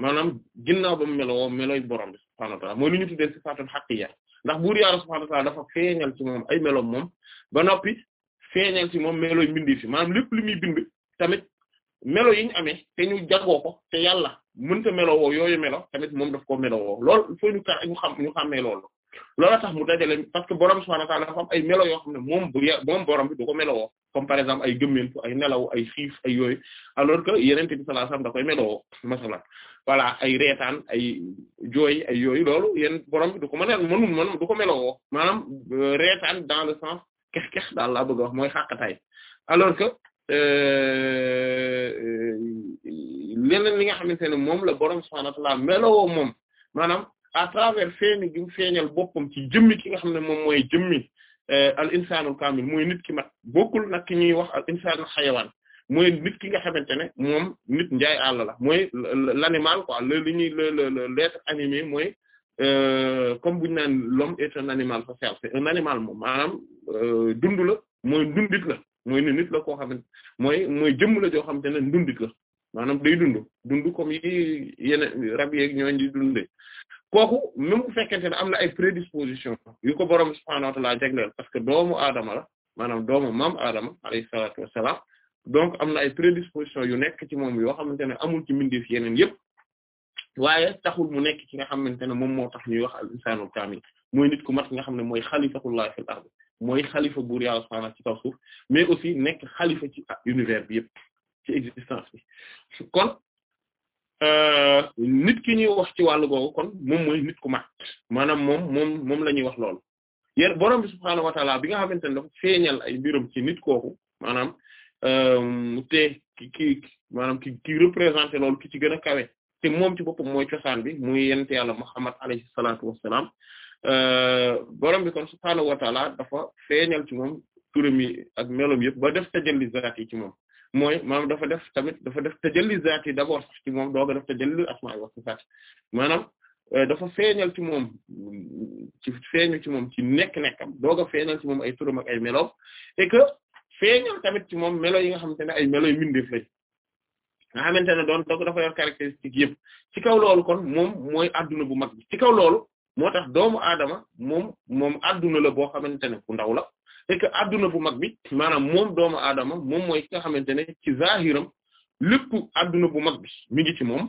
maanaam ginnaaw ba mu melowoo melooy borom bi subhaanahu wa ta'aala mooy li ñu tuddee sifaatul haqqiyya ndax buur yàlla subhaanahu wa dafa feeñal ci moom ay meloom moom ba noppi feeñal ci moom melooy mbindi fi maanaam lépp li muy bind tamit melo yi ñu amee te ñu jagoo ko te yàlla mënta melowoo yooyu melo tamit moom daf koo melowoo lool foo ñu ka ñu xam ñu xàmmee loolu tax mu dajale parce que borom subhanahu wa ta'ala dafa am ay melo yoo xam ne moom moom borom bi du ko melowoo comme par exemple ay gëmmentu ay nelaw ay xiif ay yooyu alors que yenente bi sallallahu alayhi wasallam da koy melowoo masalan voilà ay reetaan ay jooy ay yooyu loolu yéen borom bi du ko mën a mënul mën du ko melowoo maanaam euh, reetaan dans le sens kex daal laa bëgg a wax mooy xàqataay alors Euh, euh, leneen li nga xamante ne moom la borom subhaanahu wa ta'aala melowoo moom maanaam à travers feeñ gi mu feeñal boppam ci jëmmi ki nga xam ne moom mooy jëmmi euh, al insaanul kaamil mooy nit ki mat bokkul nag ki ñuy wax al insaanul xayawaan mooy nit ki nga xamante ne moom nit njaay àll la mooy l'animal quoi le li ñuy le le l'être comme bu ñu naan l'homme social c'est un animal moom maanaam dund la mooy dundit la mooy ne nit la koo xamante mooy mooy jëmm la joo xamante ne ndundit la maanaam day dund dund comme yi yeneen rab yeeg ñooñ di dundee kooku même bu fekkente ne am na ay prédisposition yu ko borom subhaanahu wa ta'aala parce que doomu aadama la maanaam doomu maam aadama alayhi salaatu wassalaam donc am na ay prédisposition yu nekk ci moom yoo xamante ne amul ci mbindeef yenen yëpp waaye taxul mu nekk ki nga xamante ne moom moo tax ñuy wax al insaanul kaamil mooy nit ku mat nga xam ne mooy xalifatullahi fil ard mooy xalifa buur yàlla subhaanahu ci kaw suuf mais aussi nekk xalifa ci univers bi yëpp ci existence bi kon euh, nit ki ñuy wax ci wàllu googu kon moom mooy nit ku mat maanaam moom moom moom la ñuy wax loolu yéen borom bi subhaanahu wa taala bi nga xamante ne dafa feeñal ay mbiram ci nit kooku maanaam euh, te ki ki maanaam ki ki représenté loolu ki ci gën a kawe te moom ci boppam mooy cosaan bi muy yent yàlla Muhammad alayhi salaatu wassalaam Euh, borom bi kon subhaanahu wa taala dafa feeñal ci moom turam yi ak melom yëpp ba def tajalli zaat yi ci moom mooy maanaam dafa def tamit dafa def tajalli zaat yi d'abord ci moom dooga def tajalli asmaa wa sifaat maanaam euh, dafa feeñal ci moom ci feeñu ci moom ci nekk-nekkam dooga feeñal ci moom ay turam ak ay meloom et que feeñal tamit ci moom melo yi nga xamante ne ay melo yu mindeef lañ nga xamante ne doon doog dafa yor caractéristique yëpp ci kaw loolu kon moom mooy adduna bu mag bi ci kaw loolu moo tax doomu aadama moom moom àdduna la boo xamante ne bu ndaw la et que bu mag bi maanaam moom doomu aadama moom mooy ki nga xamante ne ci zahiram lépp adduna bu mag bi mi ngi ci moom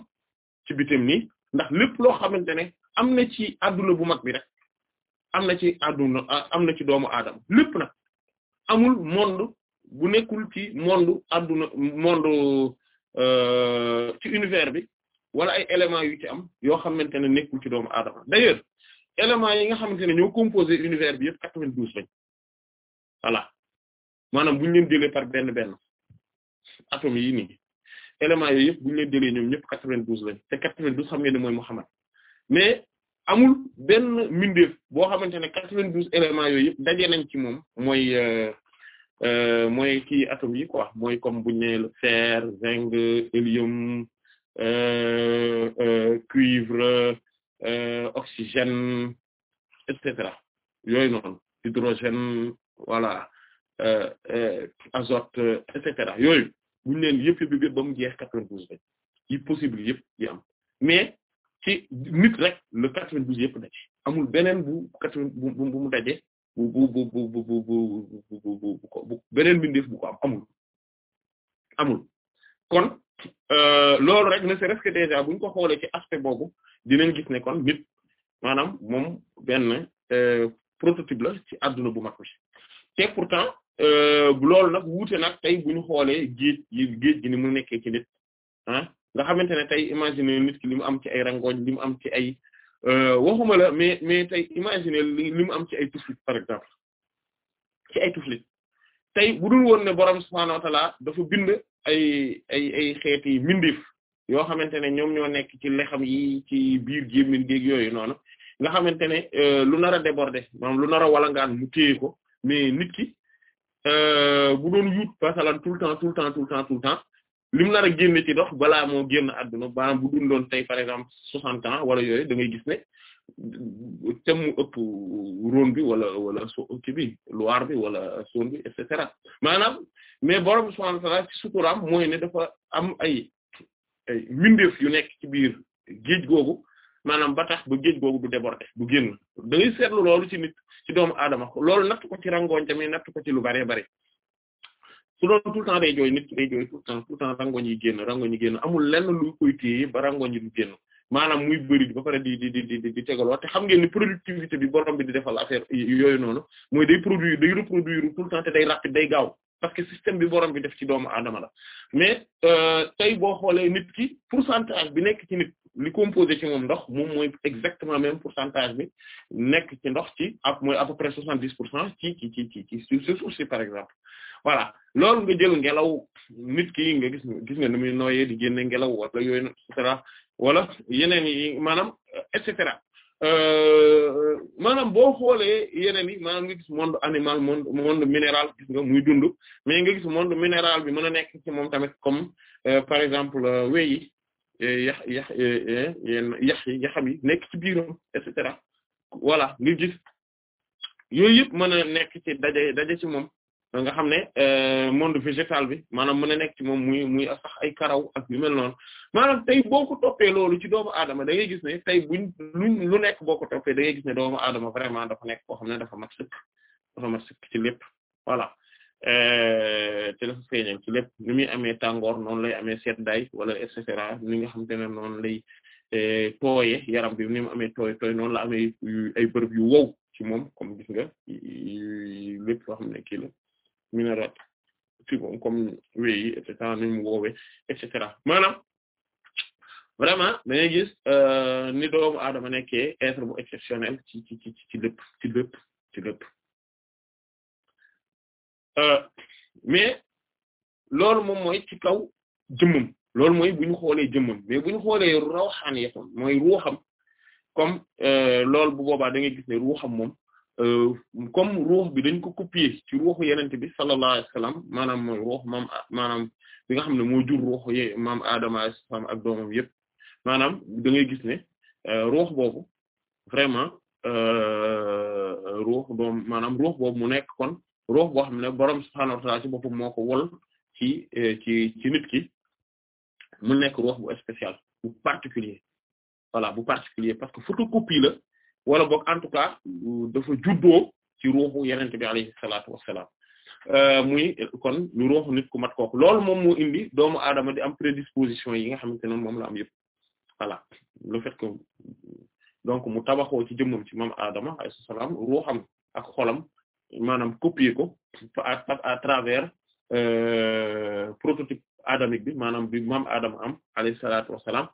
ci nii ndax lépp loo xamante ne am na ci àdduna bu mag bi rek am na ci adduna am na ci doomu aadama lépp amul monde bu nekkul ci monde adduna monde euh, ci univers bi wala ay éléments yu ci am yoo xamante ne nekkul ci doomu aadama d'ailleurs éléments yi nga xamante ne ñoo composé univers bi yëpp quatre-vingt-douze lañ voilà maanaam bu ñu leen par benn benn atomes yi nii éléments yooyu yëpp bu ñu leen jëlee ñoom ñëpp quatre-vingt-douze lañ te quatre-vingt-douze xam ngeen ne mooy Muhammad mais amul benn mbindeef boo xamante ne quatre-vingt-douze éléments yooyu yëpp daje nañ ci moom mooy euh, euh, mooy kii atomes yi quoi mooy comme bu ñu nee le fer zinc hélium euh, cuivre oxygène et cetera yooyu hydrogène voilà azote et cetera yooyu bu ñu leen yëpp yëpp ba mu jeex quatre-vingt-douze lañ yi possible yëpp yi am mais ci nit rek le quatre-vingt-douze yëpp daje amul beneen bu quatre-vingt bu bu bu bu bu bu bu bu bu bu beneen mbindeef bu ko am amul amul kon Euh, loolu rek ne c'est que déjà bu ko xoolee ci aspect boobu dinañ gis ne kon nit maanaam moom benn euh, prototype la ci adduna bu mag bi te pourtant euh, loolu nag wuute nag tey bu ñu xoolee géej yi géej gi ni mu nekkee ci ah, nga xamante ne tey imaginer nit ki li mu am ci ay rangooñ li mu am ci ay waxuma la mais mais tey imaginer li mu am ci ay tuflit par exemple ci ay tuflit tey bu dul woon ne borom subhaanahu wa taala dafa bind ay ay ay xeeti mindeef yoo xamante ne ñoom ñoo nekk ci lexam yi ci biir gémmin géeg yooyu noonu nga xamante ne euh, lu nar a déborder maanaam lu nar a wala mu téye ko mais nit ki euh, bu doon yuut pasalan tout le temps tout le temps tout le temps tout le temps lim a génn ci dox balaa moo génn adduna baanaam bu dundoon tey par exemple soixante temps wala yooyu da ngay ne te mu ëpp Rhône bi wala wala so kii bi Loire bi wala Saône bi et cetera maanaam mais borom subhaanahu wa ta'aala mooy ne dafa am ay ay yu nekk ci biir géej googu maanaam ba tax ba géej googu du déborder du génn da ngay seetlu loolu ci nit ci doomu aadama loolu natt ko ci rangoñ tamit natt ko ci lu bare bare su doon tout le temps day jooy nit ki yi génn rangoñ yi génn amul lenn lu koy téye ba rangoñ yi génn. maanaam muy bëri ba pare di di di di di tegaloo te xam ngeen ni productivité bi borom bi di defal affaire yooyu noonu mooy day produire day reproduire tout le day rapide day gaaw parce que système bi borom bi def ci doomu aadama la mais euh, tey boo xoolee nit ki pour pourcentage bi nekk ci nit li composé ci moom ndox moom mooy exactement même pourcentage bi nekk ci ndox ci ak mooy à peu près soixante dix pour cent ci ci ci ci ci ci suuf si par exemple voilà loolu nga jël ngelaw nit ki nga gis gis nga ni muy nooyee di génne ngelaw wala yooyu et cetera wala yeneen yi maanaam et cetera euh, maanaam boo xoolee yeneen yi maanaam nga gis monde animal monde minéral gis nga muy dund mais nga gis monde minéral bi mën a nekk ci moom tamit comme euh, par exemple euh, wey yi yax yax yax yi yi nekk ci biiram et cetera nga gis yooyu yëpp mën a nekk ci daje daje ci moom nga xam ne euh, monde végétal bi maanaam mu ne nekk ci moom muy muy sax ay karaw a yu mel noonu maanaam tey boo ko loolu ci doomu adama da gis ne tey buñ lu nekk boo ko toppee da gis ne doomu aadama vraiment dafa nekk koo xam ne dafa mat sëkk dafa mat sëkk ci lépp voilà euh, te dafa feeñal ci lépp ni muy amee tàngoor noonu lay amee seddaay wala et cetera ni nga xamante ne noonu lay euh, tooye yaram ni mu amee tooy noonu la amee ay bërëb yu wow ci moom gis nga lépp loo xam ne kii la minarat ci bon comme wéy yi et cetera ni mu woowe et cetera maanaam vraiment da ngay gis euh, ni doomu aadama nekkee être bu exceptionnel ci ci ci ci ci lépp ci lépp euh, mais loolu moom mooy ci kaw jëmmam loolu mooy bu ñu xoolee jëmmam mais bu ñu xoolee rawxaan yetam mooy ruuxam comme euh, loolu bu boobaa da ngay gis ne ruuxam moom Euh, comme ruux bi dañ ko copier ci ruuxu yenente bi sallallahu alayhi maanaam mooy ruux maam maanaam bi nga xam ne moo jur ruux ye maam Adama alayhi salaam ak doomam yëpp maanaam da ngay gis ne euh, ruux boobu vraiment euh, ruux doom maanaam ruux boobu mu nekk kon ruux boo xam ne borom subhaanahu wa ta'aala ci boppam moo ko ci ci nit ki mu nekk ruux bu spécial bu particulier voilà bu particulier parce que photocopie la wala boog en tout cas dafa juddoo ci ruuxu yenente bi alayhi salaatu wassalaam euh, muy kon lu ruuxu nit ku mat kooku lool moom moo indi doomu aadama di am prédisposition yi nga xamante ne moom la am yëpp voilà le fait que donc mu tabaxoo ci jëmmam ci moom aadama alayhi salaam ruuxam ak xolam maanaam copier ko à à travers euh, prototype adamique bi maanaam bi maam aadama am alayhi salaatu wassalaam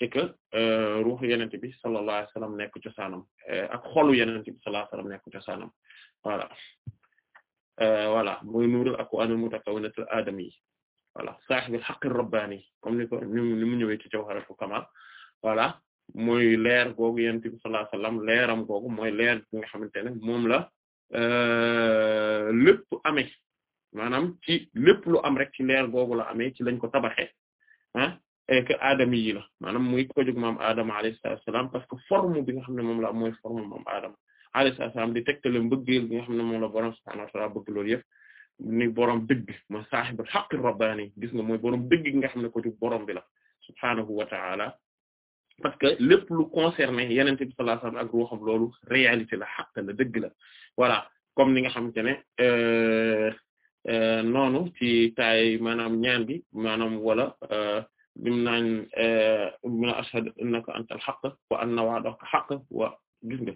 et que euh, ruuxu yenente bi sallallahu alayhi wasallam nekk cosaanam euh, ak xolu yenente bi sallallahu alayhi wasallam nekk cosaanam voilà euh, voilà mooy nuurul akwaanil mutakawwinatil aadami voilà saahibil haqqir rabbaani comme ni ko ni mu ñëwee ci jawharatul kamal voilà moy leer googu yenente bi sallallahu alayhi leeram googu mooy leer bi nga xamante ne moom la lépp amee maanaam ci lépp lu am rek ci leer googu la amee ci lañ ko tabaxee et que aadama yi la maanaam muy ko jóg maam aadama alayhi salaam parce que forme bi nga xam ne moom la am mooy forme maam aadama alayhi salaam di tegtale mbëggeel nga xam ne moom la borom subhaanahu wa ta'aala bëgg loolu yëpp ni borom dëgg ma saahibul haqqi rabbaani gis nga mooy borom dëgg gi nga xam ne ko jóg borom bi la subhaanahu wa ta'aala parce que lépp lu concerné yenen bi sallallahu alayhi wasallam ak ruuxam loolu réalité la xaq la dëgg la voilà comme ni nga xamante ne euh, euh, noonu ci taay maanaam ñaan bi maanaam wala euh, bi mu naan eh, mu ne ashhadu innaka antal xaq wa anna wa'daka xaq wa gis nga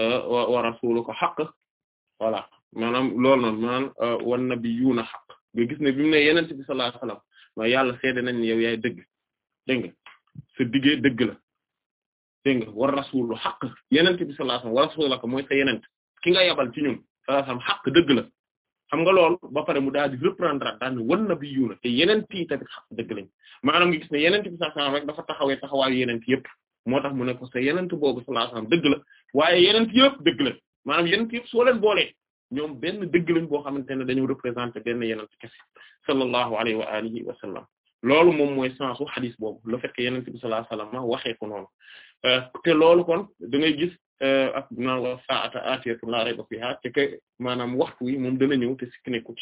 eh, wa rasuluka xaq voilà maanaam loolu noonu wa eh, wan nabiyuuna xaq nga gis ne bi mu ne yenent bi sallallahu alayhi ma yàlla seede nañ ne yow yaay dëgg dégg nga sa diggee dëgg la nga war rasulu xaq yenen bi sallallahu alayhi wasallam wa rasulaka mooy sa yenent ki nga yabal ci ñun sallallahu xaq dëgg la xam nga lool ba pare mu daal di reprendre daal ni wan nabiyuuna te yeneen yi tamit xa dëgg lañ maanaam nga gis ne yeneen bi sallallahu alayhi wasallam rek dafa taxawee taxawaayu yeneen yëpp moo tax mu ne ko sa yeneen boobu sallallahu alayhi wasallam dëgg la waaye yeneen yëpp dëgg la maanaam yeneen yëpp soo leen boolee ñoom benn dëgg lañ boo xamante ne dañu représenter benn yeneen kese sallallahu alayhi wa alihi wa sallam loolu moom mooy sensu xadis boobu le fait que yeneen bi waxee ko noonu euh, te loolu kon da ngay gis. Euh, ak naan la saata atiyatu la maanaam waxtu wi moom dana ñëw te sikk nekku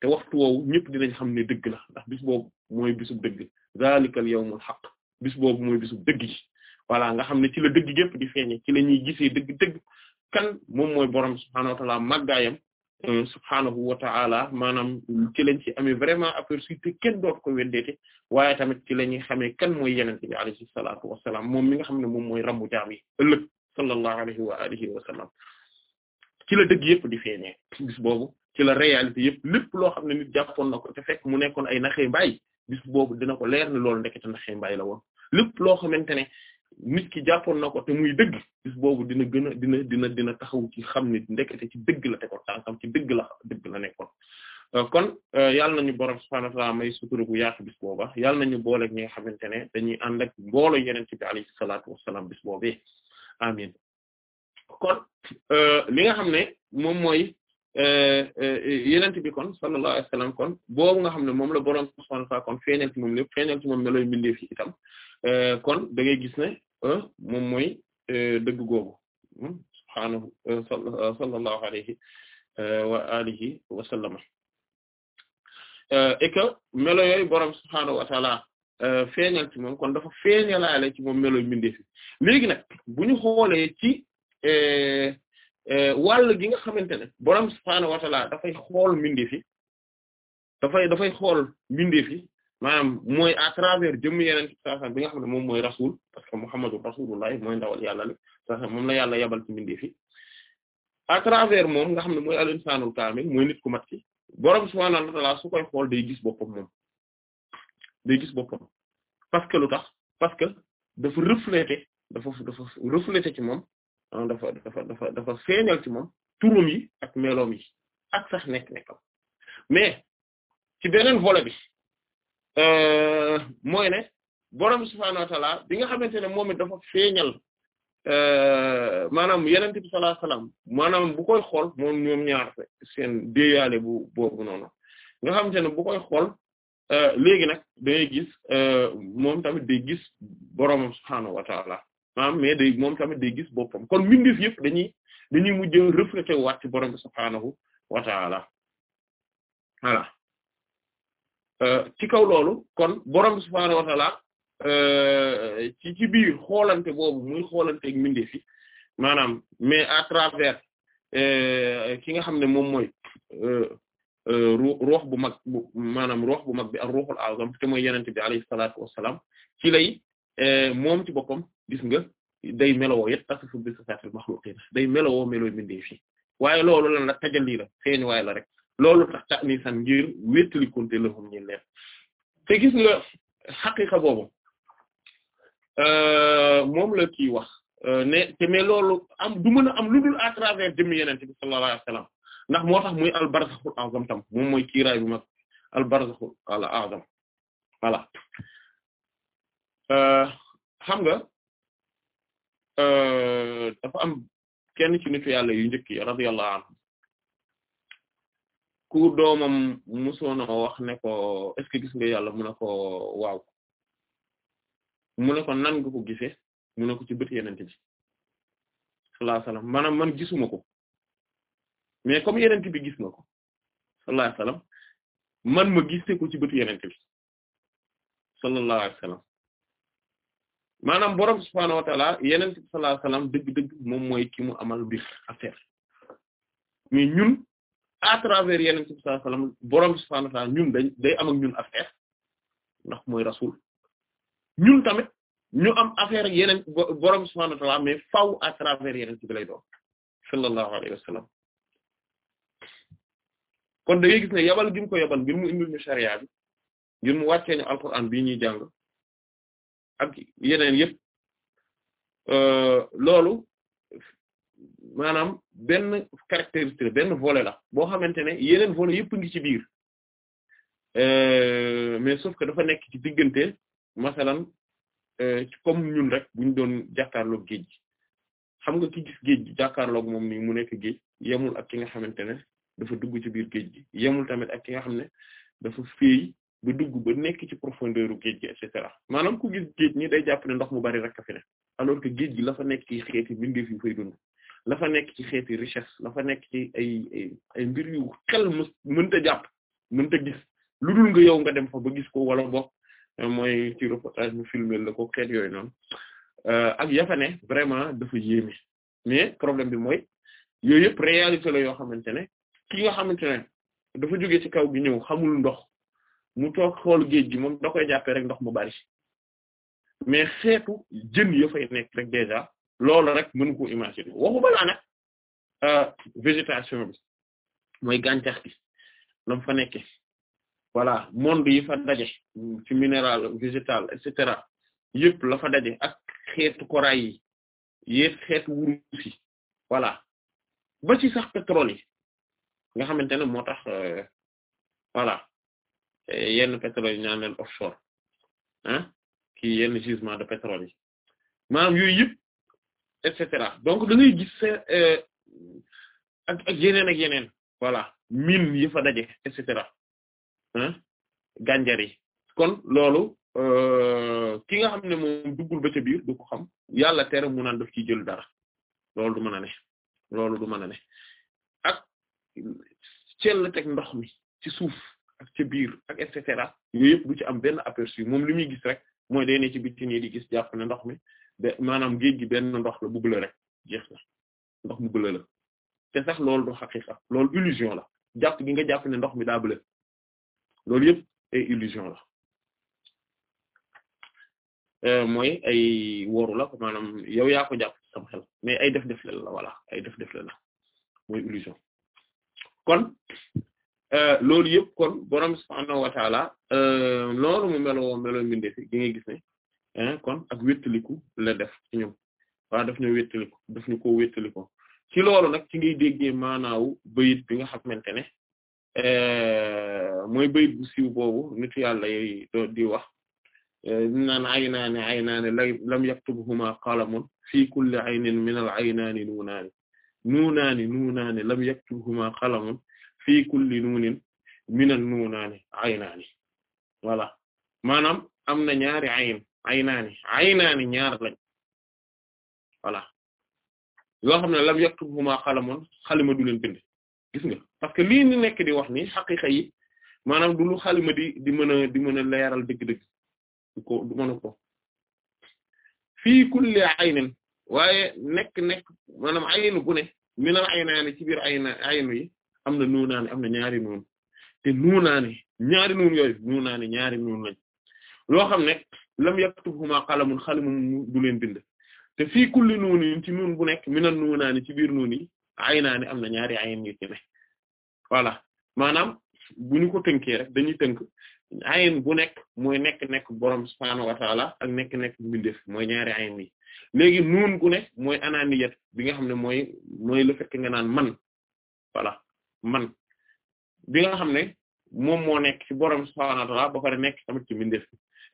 te waxtu woowu ñëpp dinañ xam ne dëgg la ndax bis boobu mooy bisub dëgg zalikal yawmul haqq bis boobu mooy bisub dëgg yi nga xam ne ci la dëgg gépp di feeñe la ñuy gisee dëgg-dëgg kan moom mooy borom subhaanahu wa ta'ala màggaayam euh, subhaanahu wa ta'ala maanaam ci lañ ci amee vraiment aperçu te kenn dootu ko weddeete waaye tamit ci la ñuy xamee kan mooy yenente bi alayhi salaatu wassalaam moom mi nga xam ne moom mooy rambu jaam yi ëllëg sallallahu alayhi wa alihi wa sallam ci la dëgg yëpp di feeñee bis boobu ci la réalité yëpp lépp loo xam ne nit jàppoon na ko mu nekkoon ay naxee mbaay bis boobu dina ko leer ni loolu ndekete mbaay la woon lépp loo xamante ne nit ki jàppoon na ko te muy dëgg bis boobu dina gën a dina dina dina taxaw ci xam ni ndekete ci dëgg la ci dëgg la dëgg la nekkoon euh, kon euh, yàlla nañu borom subhaanahu wa ta'aala may suturu bu yaatu bis booba yàlla nañu booleeg ñi nga xamante ne dañuy ànd ak mboolo yeneen ci bi alayhi salaatu wassalaam bis boobee amin kon euh, li nga xam ne moom mooy euh, euh, yenent bi kon sallallahu alayhi wasallam kon boobu nga xam ne moom la boroom subhanahu wa ta'ala kon feeñal ci moom lépp feeñal ci moom melooy mbindeef yi itam kon da ngay gis ne mooy dëgg googu hmm, subhaanahu sallallahu alayhi wa alihi wa sallama et que melo yooyu boroom wa ta'ala Euh, feeñal ci moom kon dafa feeñalaale ci moom melo mbindeef yi léegi na bu ñu xoolee ci euh, euh, wàll gi nga xamante ne borom subhaanahu wa ta'ala dafay xool mbindeef yi dafay dafay xool mbindeef yi maanaam mooy à travers jëmm yeneen saasan bi nga xam ne moom mooy rasul parce que Muhammadu rasulullah mooy ndawal yàlla la saasan moom la yàlla yabal ci mbindeef yi à travers moom nga xam ne mooy al insaanul kaamil moy nit ku mat ki borom subhaanahu wa su koy xool day gis boppam moom. day gis boppam parce tax parce dafa refléter dafa dafa refléter ci moom ah, dafa dafa dafa dafa feeñal ci moom turum yi ak meloom yi ak sax nekk-nekkam mais ci beneen volet bi euh, mooy borom subhaanahu wa bi nga xamante ne moom it dafa feeñal euh, maanaam yeneen bi sallallahu alayhi maanaam bu koy xool moom ñoom ñaar seen déyaale bu boobu noonu nga xamante ne bu koy xool Euh, léegi nag day gis euh, moom tamit day gis boroomam subhaanahu wa taala maanaam mais day moom tamit day gis boppam kon mbindeef yëpp dañuy dañuy mujj reflété waat ci boroom subhaanahu wa taala euh, ci kaw loolu kon boroom subhaanahu wa taala ci ci biir xoolante boobu muy xoolante ak yi maanaam mais à travers ki nga xam ne moom mooy Euh, ruux bu mag bu maanaam ruux bu mag bi ak ruuxul azam te mooy yenente bi alayhi salaatu wassalaam ci lay euh, moom ci boppam gis nga day melowoo yet tasifu bi sifatil maxluqiin day melowoo melooy bindee fii loolu lan la tajalli la feeñ waay la rek loolu tax ta ni san ngir wéttali konte lëxum gis nga xaqiqa boobu euh, moom la kii wax ne te mais loolu am du mën am lu dul à travers jëmm yenente bi sallallahu alayhi ndax moo tax muy al barzaxul azam tam moom mooy kiiraay bu mag al barzaxul al azam euh, xam nga euh, dafa am kenn ci nitu yàlla yu njëkk yi radiyallahu anhu ku doomam musoona wax ne ko est nga yàlla mu ne ko waaw mu ne ko nan nga ko gisee mu ne ko ci bët yenente bi sallallahu alayhi wasallam man gisuma ko mais comme yenent bi gis na ko sallallahu alayhi wasallam man ma gisee ko ci bëtu yenent bi sallallahu alayhi wasallam maanaam borom subhaanahu wa ta'ala yenent bi sallallahu alayhi wasallam dëgg-dëgg moom mooy ki mu amal biir affaire mais ñun à travers yenent bi sallallahu alayhi wasallam borom subhaanahu wa ta'ala ñun dañ day am ñun affaire ndax mooy rasul ñun tamit ñu am affaire ak yeneen borom subhaanahu wa ta'ala mais faaw à travers yenent bi lay doon sallallahu alayhi wasallam kon da ngay gis ne yabal gi mu ko yabal ngir mu indil ngir mu wàccee ñu alquran bii ñuy jàng ak yeneen yëpp euh, loolu maanaam benn caractéristique benn volet la boo xamante ne yeneen volet yëpp ngi ci biir euh, mais sauf que dafa nekk ci diggante masalan euh, comme ñun rek buñ doon jàkkaarloog géej xam nga ki gis géej gi jàkkaarloog moom ni mu nekk géej yemul ak ki nga xamante ne dafa dugg ci biir géej gi yemul tamit ak ki nga xam ne dafa féey ba dugg ba nekk ci profondeur u géej gi et cetera maanaam ku gis géej ñi day jàpp ne ndox mu bari rek a fi ne alors que géej gi la fa nekk ci xeeti mbindeef yu fay dund la fa nekk la fa nekk ci ay ay ay yu xel mës mënta jàpp mënta gis lu dul nga yow nga dem fa ba gis ko wala bokk euh, mooy ci la ko xeet yooyu noonu euh, a ya fa ne vraiment dafa yéeme mais problème bi mooy yooyu yëpp réalité la yoo xamante ne ki nga xamante ne dafa jóge ci kaw gi ñëw xamul ndox mu toog xool géej gi mom da koy rek ndox mu bari mais xeetu jën ya fay nekk rek déjà loolu rek mënu ko imaginer waxu balaa nag euh, végétation bi mooy gàncax gi lam fa nekke voilà monde yi fa daje ci minéral végétal et cetera yëpp la daje ak xeetu corail yi yëpp xeetu wurus yi ba ci sax pétrole nga xamante ne moo tax euh, voilà yenn pétrole yi ñaan leen offshore ah kii yenn gisement de pétrole yi maanaam yooyu et cetera donc da ngay gis euh, ak ak yeneen ak yeneen voilà mine yi fa et cetera ah gànjar yi kon loolu euh, ki nga xam ne moom duggul ba ca biir xam yàlla tere mu naan daf ciy jël dara loolu du mën a ne loolu du mën a ne cell teg ndox mi ci suuf ak ci biir ak et cetera yooyu yëpp du ci am benn aperçu moom li muy gis rek mooy day ne ci bitti nii di gis jàpp ne ndox mi de maanaam géej gi benn ndox la bu bleu rek jeex na ndox mu bleu la te sax loolu du xaqiqa loolu illusion la jàpp gi nga jàpp ne ndox mi daa bleu loolu yëpp ay illusion la euh, mooy ay wóoru la maanaam yow yaa ko jàpp xel mais ay def-def la la voilà ay def-def la la mooy illusion kon euh, loolu yëpp kon borom subhaanahu wa ta'ala loolu euh, mu meloo meloo mbindeef nga gis kon ak wétaliku la def ci ñoom waaw daf ñu wétaliku daf ñu ko wétaliku ci loolu nag ci ngay déggee maanaawu bayit bi nga xamante ne euh, mooy bayit bu siiw boobu nitu yàlla yi di wax naan aynaani aynaani lam yaktubuhumaa qalamun fii kulli aynin minal aynaani nuunaani nuunaani nuunaani lam yaktuhumaa qalamun fii kulli nuunin minal nuunaani aynaani voilà maanaam am na ñaari ayn aynaani aynaani ñaar lañ voilà yoo xam ne lam yaktuhumaa qalamun xalima du leen bind gis nga parce que lii ñu nekk di wax ni xaqiqa yi maanaam du lu di di mën di mën a leeral dëgg-dëgg du ko aynin waaye nekk nekk maanaam aynu gu ne minal aynaani ci biir ayna aynu yi am na ne am na ñaari nuun te nuunaani ñaari nuun yooyu nuunaani ñaari nuun lañ loo xam ne lam yaktubhumaa qalamun xalimum du leen bind te fii kulli nuunin ci nuun bu nekk minal ne ci biir nuun yi aynaani am na ñaari ayn yu ci ne voilà maanaam buñu ñu ko tënkee rek dañuy tënk ayn bu nekk mooy nekk nekk borom subhaanahu wa ak nekk nekk mbindeef mooy ñaari ayn yi léegi nuun gu ne mooy ananiyat bi nga xam ne mooy mooy lu fekk nga naan man voilà man bi nga xam ne moom moo nekk ci borom subhaanahu wa ta'aala ba pare nekk tamit ci mbindeef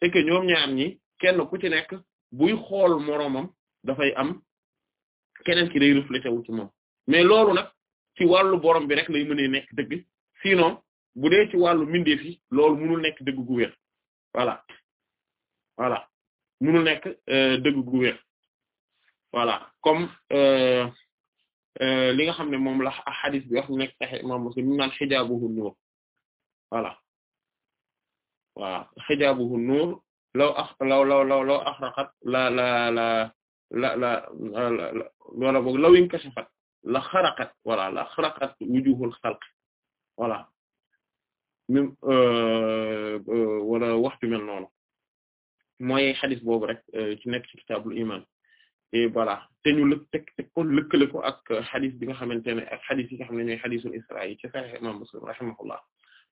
et que ñoom ñaar ñi kenn ku ci nekk buy xool moroomam dafay am keneen ki day reflété wu ci moom mais loolu nag ci wàllu borom bi rek lay mënee nekk dëgg sinon bu dee ci wàllu mbindeef yi loolu mënul nekk dëgg gu wér voilà voilà mënul nekk euh, dëgg gu wér voilà comme euh, euh, li nga xam ne moom la xadis bi wax nekk Sahih Imam Muslim ñu naan xijaabuhu nuur voilà voilà xijaabuhu nuur law ax law law la la la la la wala boog law inkashafat la xaraqat voilà la xaraqat wujuhul xalq voilà même euh, wala waxtu mel noonu xadis boobu rek nekk ci iman et voilà te ñu lëkk teg teg ko lëkkale ko ak xadis bi nga xamante ne ak xadis xam ne ñooy xadisul isra Muslim rahimahullah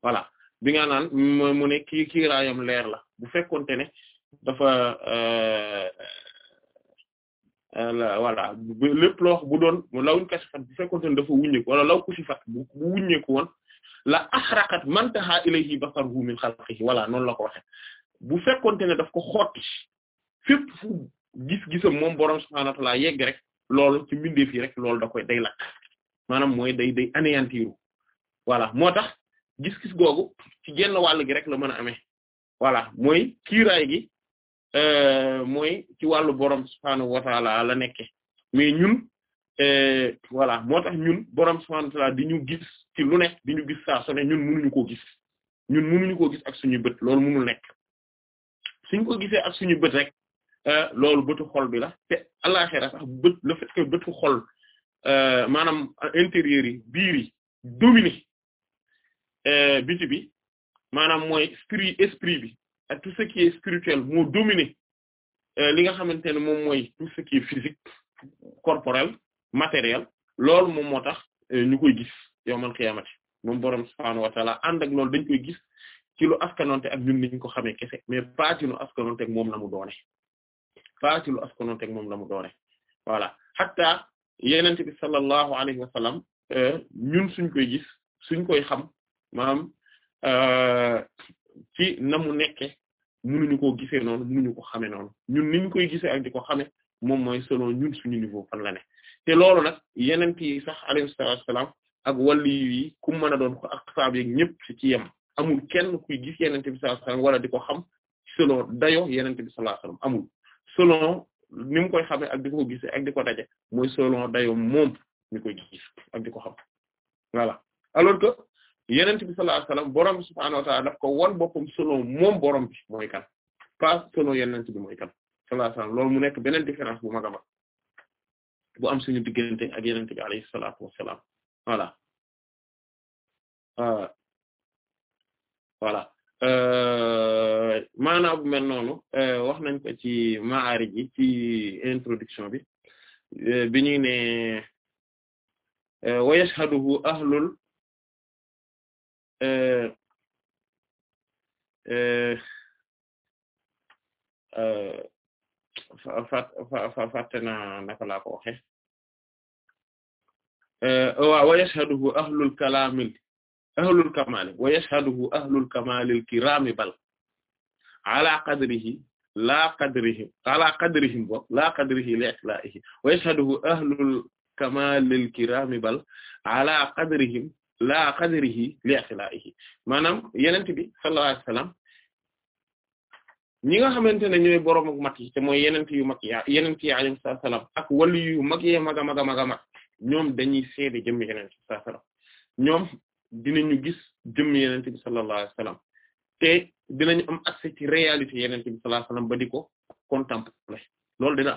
voilà bi nga naan mu ne kii kii raayam leer la bu fekkonte ne dafa euh, euh, voilà bu doon lawuñ kasifat bu fekkonte ne dafa wuññeeku wala law kasifat bu wuññeeku woon la axraqat mantaha ilayhi basaruhu min xalqihi voilà noonu bu fekkonte ne daf ko xotti fépp gis-gisam moom boroom subhaanahu wa ta'aala yegg rek lool ci mbindeef rek loolu da koy day lakk maanaam mooy day day anéantiru voilà moo tax gis-gis googu ci genn wàll gi rek la mën a amee voilà mooy kiiraay gi euh, mooy ci wàllu borom subhaanahu wa la nekke mais ñun euh, voilà moo tax ñun borom subhaanahu wa ta'aala di ñu ci lu nekk di ñu gis saa su ne ñun mënuñu koo gis ak suñu bët loolu mënul nekk suñ ko gisee ak suñu bët rek Euh, loolu bëtu xol bi la te àllaxira sax bët le fait que bëtu xol euh, maanaam intérieur yi biir yi dominer euh, biti bi maanaam mooy esprit esprit bi ak tout ce qui spirituel moo dominer li nga xamante ne moom mooy tout ce qui physique corporel matériel loolu moom moo tax ñu koy gis yowmal xiyaamati moom boroom subhaanahu wa taala ànd ak loolu dañ koy gis kilo lu askanonte ak ñun ñu ko xamee kese mais pas ci lu askanonte ak moom na mu doone faa ci lu askanoon teg moom la mu doore voilà hatta yenente bi sallallahu alayhi wa sallam euh, ñun suñ koy gis suñ koy xam maanaam euh, ci na mu nekke mënuñu koo gisee noonu mënuñu ko xame noonu ñun niñ koy gisee ak di ko xame moom mooy selon ñun suñu niveau fan la ne te loolu nag yenent yi sax alayhi salaatu wassalaam ak wàllu yi ku mën a doon ko ak saab yeeg ñëpp ci amul kenn kuy gis yenente bi sallallahu wala di ko xam selon dayo yenente bi sallallahu alayhi wasallam selon ni mu koy xamee ak di ko gisee ak di daje mooy selon dayo moom ñu koy gis ak di xam voilà alors que yeneen bi sallallahu alayhi borom bi subhaanahu daf ko won boppam selon moom borom bi mooy kan pas selon yeneen bi mooy kan sallallahu alayhi wasallam mu nekk beneen différence bu mag mag bu am suñu diggante ak yeneen bi alayhi salaatu wassalaam voilà euh, voilà Euh, maanaa bu mel noonu euh, wax nañ ko ci maari ji ci introduction bi euh, bi ñuy ne wa yashhaduhu ahlul fa fàtte na naka laa ko waxe wa yashhaduhu ahlul kalaamil ahlul kamaali wa yashhaduhu ahlul kamaalil kiraami bal ala qadrihi laa qadrihim ala qadrihim bo laa qadrihi li'tilaa'ihi wa yashhaduhu ahlul kamaalil kiraami bal ala qadrihim laa qadrihi li'tilaa'ihi maanaam yenent bi sallallahu alayhi nga xamante ne ñooy boroom yu mag ya yenent yi alayhi salaam ak wali yu mag yee mag a mag a mag a mag ñoom dañuy seede jëmm yenent dinañu gis jëmm yenente bi sallallahu alayhi wasallam te dinañu am accès ci réalité yenente bi sallallahu alayhi wasallam ba di ko contempler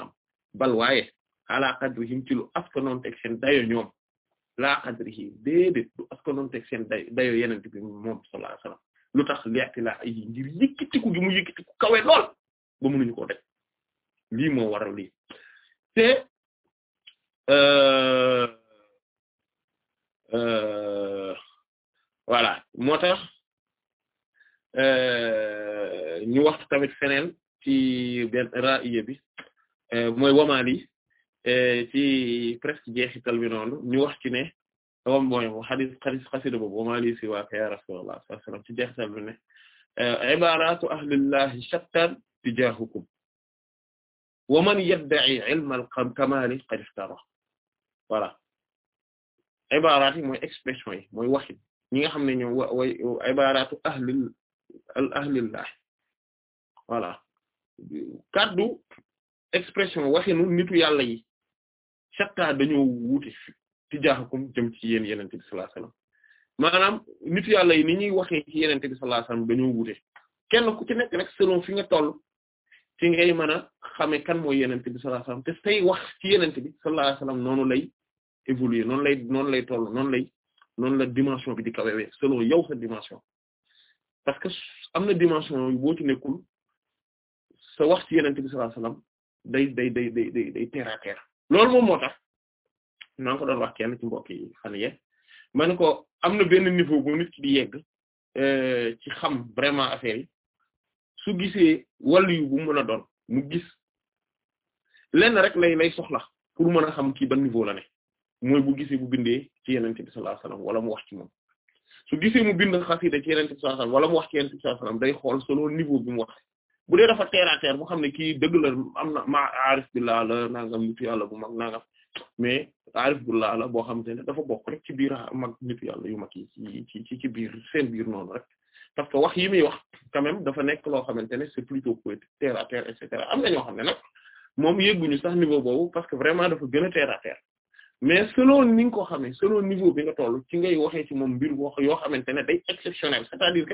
am bal waaye ala qadrihim ci lu askanoon teg seen dayo ñoom la qadrihi déedéet lu askanoon teg seen day dayo yenente bi moom sallallahu alayhi wasallam lu tax leexti laa ay kawe lool ba mënuñu koo def lii moo waral li te euh, euh voilà moo tax euh, ñu wax tamit feneen ci benn ra'iya bi euh, mooy wamaali euh, ci presque jeexital bi noonu ñu wax ci ne moom mooy xadis xadis xasida boobu wamaali si waaka ya rasulullah sallallahu alayhi wasallam ci jeexital ibaratu ahlillahi shattan tijahukum wa yadda'i ilma al-kamali qad iftara voilà ibarat yi mooy expression yi waxin ñi nga xam ne ñoom wa way ibaratu ahlil al ahlillah voilà kaddu expression waxinu nitu yàlla yi daño dañoo wuute ci jaaxakum jëm ci yéen yenente bi sallallahu alayhi nitu yàlla yi ni ñuy waxee ci yenente bi sallallahu alayhi wasallam dañoo kenn ku ci nekk rek selon fi nga toll ci ngay mën a xamee kan mooy yenente bi sallallahu alayhi wasallam te wax ci yenente bi sallallahu alayhi wasallam noonu lay évoluer noonu lay noonu lay toll noonu lay noonu la dimension bi di kawewee selon yow sa dimension parce que am na dimension boo ci nekkul sa wax ci yenente bi sallallahu alayhi day day day day day day terre moo tax maa ngi ko doon wax kenn ci mbokk yi fan ye ma ne ko am na benn niveau bu nit ki di yegg euh, ci xam vraiment affaire yi su gisee wàll yu bu mën a doon mu gis lenn rek lay lay soxla pour mën a xam kii ban niveau la ne mooy bu gisee bu ci yenente bi sallallahu alayhi wala mu wax ci moom su gisee mu bind xasida ci yenente bi sallallahu wala mu wax ci yenente bi sallallahu day xool selon niveau bi mu wax bu dee dafa terre à terre xam ne kii dëgg la am na ma aarif billah la nangam nitu yàlla bu mag nangam mais aarif billah la boo xamante ne dafa bokk rek ci biir mag nitu yàlla yu mag yi ci ci ci biir seen biir noonu rek parce wax yi muy wax quand dafa nekk loo xamante ne c'est plutôt poétique terre à terre et cetera am sax niveau boobu parce que vraiment dafa gën a terre mais selon ni nga ko xamee selon niveau bi nga toll ci ngay waxee ci moom mbir wax yoo xamante ne day exceptionnel c'est-à-dire que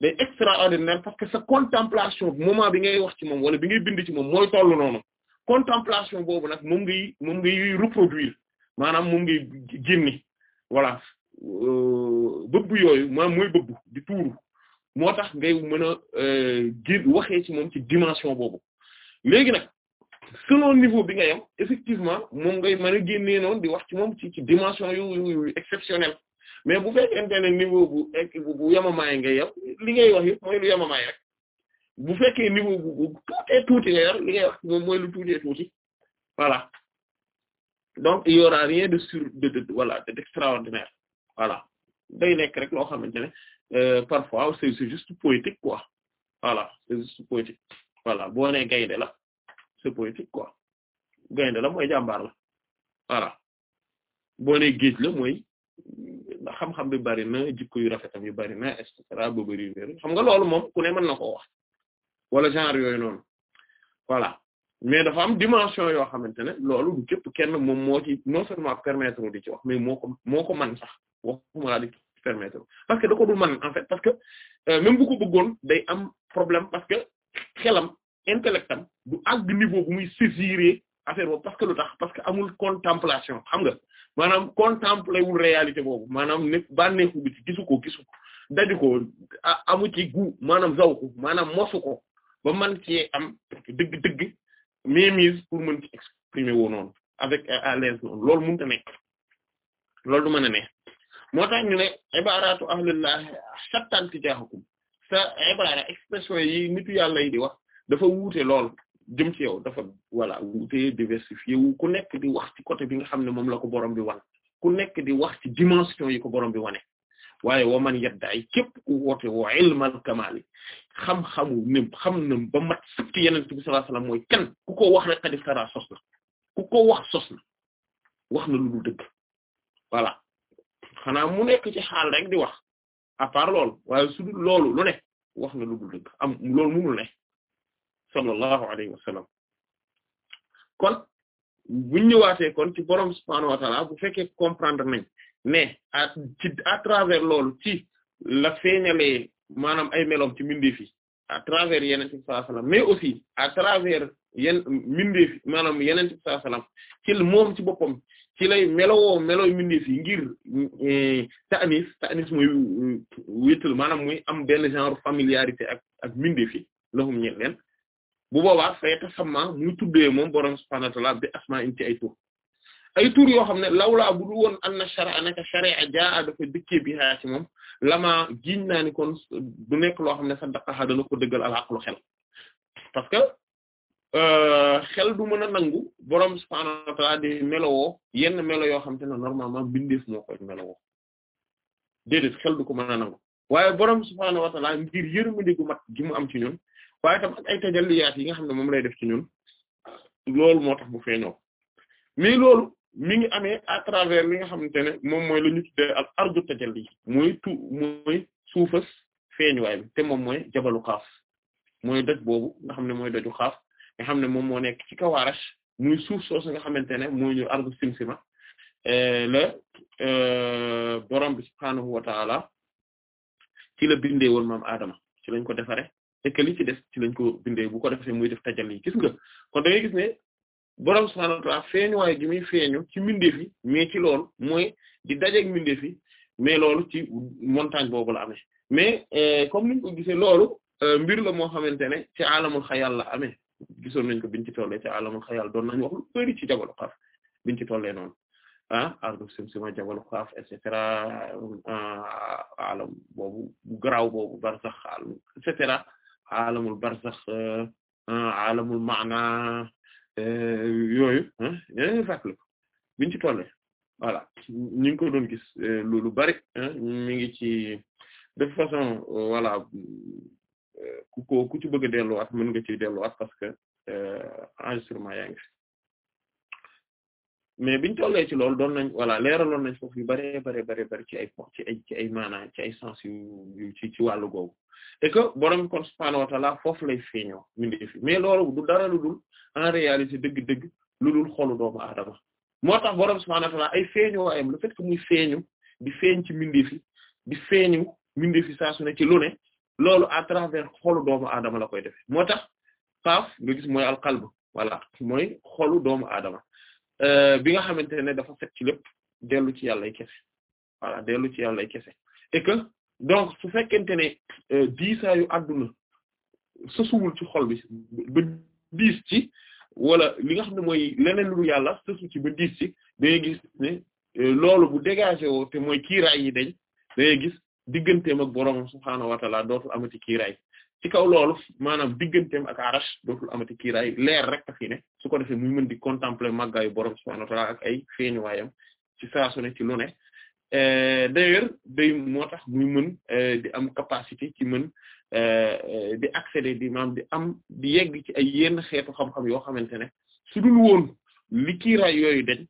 day extraordinaire parce que sa contemplation moment bi ngay wax ci moom wala bi ngay bind ci moom mooy toll noonu contemplation boobu nag moom ngay moom ngay reproduire maanaam moom ngay génni voilà euh, bëbb yooyu maanaam mooy bëbb di tuuru moo tax ngay mën a euh, gén waxee ci moom ci dimension boobu léegi nag selon niveau bi nga yam effectivement moom ngay mën a génnee noonu di wax ci moom ci ci dimension yu yu exceptionnelle mais bu fekkente ne niveau bu bu bu yamamaay ngay yam li ngay wax yëpp rek bu fekkee niveau bu bu tuutee tuuti nga yor li ngay wax moom mooy lu tuutee donc il y aura rien de sur de de voilà d'extraordinaire voilà day nekk rek loo xamante ne euh, parfois c'est c'est juste poétique quoi voilà c'est juste poétique voilà boo nee gaynde la. c'est poétique quoi gaynde la mooy jàmbaar la voilà boo nee géej la mooy xam-xam bi bari na jikko yu rafetam yu bari na et cetera ba bari xam nga loolu moom ku ne mën na koo wax wala genre yooyu noonu voilà mais dafa am dimension yoo xamante ne loolu du képp kenn moom moo ci non seulement permettre di wax mais moo ko moo ko mën sax waxuma laa di permettre parce que da ko dul en fait parce que euh, même bu ko day am problème parce que xelam intellectam du àgg niveau bu muy saisir affaire boobu parce que lu tax parce que amul contemplation xam nga maanaam contempler u réalité boobu maanaam ne bànneexu bi ci gisu ko gisu ko daju ko amu ci gu maanaam zaw ko maanaam mosu ko ba man ci am dëgg-dëgg mémise pour mën ci exprimer woo noonu avec à l'aise noonu loolu mënut a nekk loolu du mën a ne a tax ñu ne ibaratu ahlillah sattan ci jaaxakum sa ibara expression yi nitu yàlla di wax dafa wuute lool jëm ci yow dafa wala wuute diversifié wu ku nekk di wax ci côté bi nga xam ne moom la ko borom bi wan ku nekk di wax ci dimension yi ko borom bi wane waaye wa man yaddaay képp ku woote wa ilmal kamaali xam-xamu ne xam na ba mat sëkk yeneen mooy kenn ku ko wax rek xadif ku ko wax sos na wax na lu dul dëgg voilà xanaa mu nekk ci xaal rek di wax à part loolu waaye loolu lu ne wax na lu dëgg am loolu munul ne sallallahu alayhi wa sallam kon buñ ñëwaatee kon ci borom subhaanahu wa ta'ala bu fekkee comprendre nañ mais à ci ci la feeñalee maanaam ay meloom ci mbindeef yi à travers yeneen ci sallallahu mais aussi à travers yenn mbindeef yi maanaam yeneen ci ci moom ci boppam ci lay melowoo melooy mbindeef yi ngir eh, ta'nif ta'nif mooy eh, wéetal maanaam muy am benn genre familiarité ak ak mbindeef ñeen leen bu boobaa fayta xamma muy tuddee moom borom subhaanahu wa ta'aala bi asmaa in ay tur ay tur yoo xam ne lawlaa bu dul woon an na shara naka sharia jaa dafa dikkee bi xayaa ci moom lamaa giñ naa ni kon du nekk loo xam ne sa daqaxa dana ko dëggal alaqlu xel parce que euh, xel du mën a nangu borom subhaanahu wa ta'aala di melowoo yenn melo yoo xam te ne normalement bindeef moo koy melowoo déedéet xel du ko mën a nangu waaye borom subhaanahu wa ngir yërmande gu mat gi mu am ci ñun waaye tam ak ay tajalliyaat yi nga xam ne moom lay def ci ñun loolu moo tax bu feeñoo mais loolu mi ngi amee a travers li nga xamante ne moom mooy la ñu tuddee ak ardu tajalli mooy tu mooy suufas feeñuwaay bi te moom mooy jabalu xaaf mooy doj boobu nga xam ne mooy doju xaaf nga xam ne moom moo nekk ci kawaarash muy suuf soosu nga xamante ne mooy ñu ardu simsima eh, la eh, borom bi subhaanahu wa taala ci la bindee woon Adama ci lañ ko defare et li ci des ci lañ ko bindee bu ko defee muy def tajalli gis nga kon da ngay gis ne borom subhaanahu wa ta'aala feeñuwaay gi muy feeñu ci mbindeef yi mais ci loolu mooy di dajeeg mbindeef yi mais loolu ci montagne boobu la amee mais euh, comme niñ loolu euh, mbir la moo xamante ne ci alamul xayal la amee gisoon nañ ko biñ ci tollee ci alamul xayal doon nañ wax lu bari ci jabalu xaaf noonu ah ardu simsima jabalu xaaf et cetera euh, alam boobu bu garaaw boobu bar sax et cetera alamul barsax alamul maana yooyu ñeneen fàttali ko biñ ci tolle voilà ñu ngi ko doon gis lu bari mi ngi ci de façon euh، voilà ku ko ku ci bëgg a delluwaat mën nga ci delluwaat parce que euh، enregistrement yaa ngi mais biñ tollee ci loolu doon nañ voilà leeraloon nañ foof yu bare bare bare bare ci ay po ci ay ci ay maanaam ci sens yu ci ci wàllu googu et que borom kon subhaanahu wa ta'ala foofu lay feeñoo mindee fi mais loolu du dara lu dul en réalité dëgg-dëgg lu dul xolu doomu aadama moo tax borom subhaanahu wa ta'ala ay feeñoo waayam le fait que muy feeñu di feeñ ci mindee fi di feeñu mindee fi saa su ne ci lu loolu à travers xolu doomu aadama la koy def moo tax faaf nga gis mooy alqalb voilà mooy xolu doomu aadama Euh, bi nga xamante ne dafa set ci lépp dellu ci yàlla ay kese voilà dellu ci yàlla ay kese et donc su fekkente ne euh, diisaayu àdduna sësuwul ci xol bi ba diis ci wala li nga xam ne mooy leneen lu yàlla sësu ci ba diis ci dangay gis ne euh, loolu bu dégagé woo te mooy kiiraay yi dañ dangay gis digganteem ak boroom subhaanahu wa ta'ala dootul amati kiiraay ci kaw loolu maanaam digganteem ak arash dootul amati kiiraay leer rek a fi ne ko defee muy mën di contempler màggaayu borom subhaanahu wa ta'ala ak ay feeñuwaayam ci saa su ne ci lu ne euh, d'ailleurs day moo tax muy mën euh, di am capacité ci mën euh, di accéder di maanaam di am di yegg ci ay yenn xeetu xam-xam yoo xamante ne su dul woon li kiiraay yooyu dañ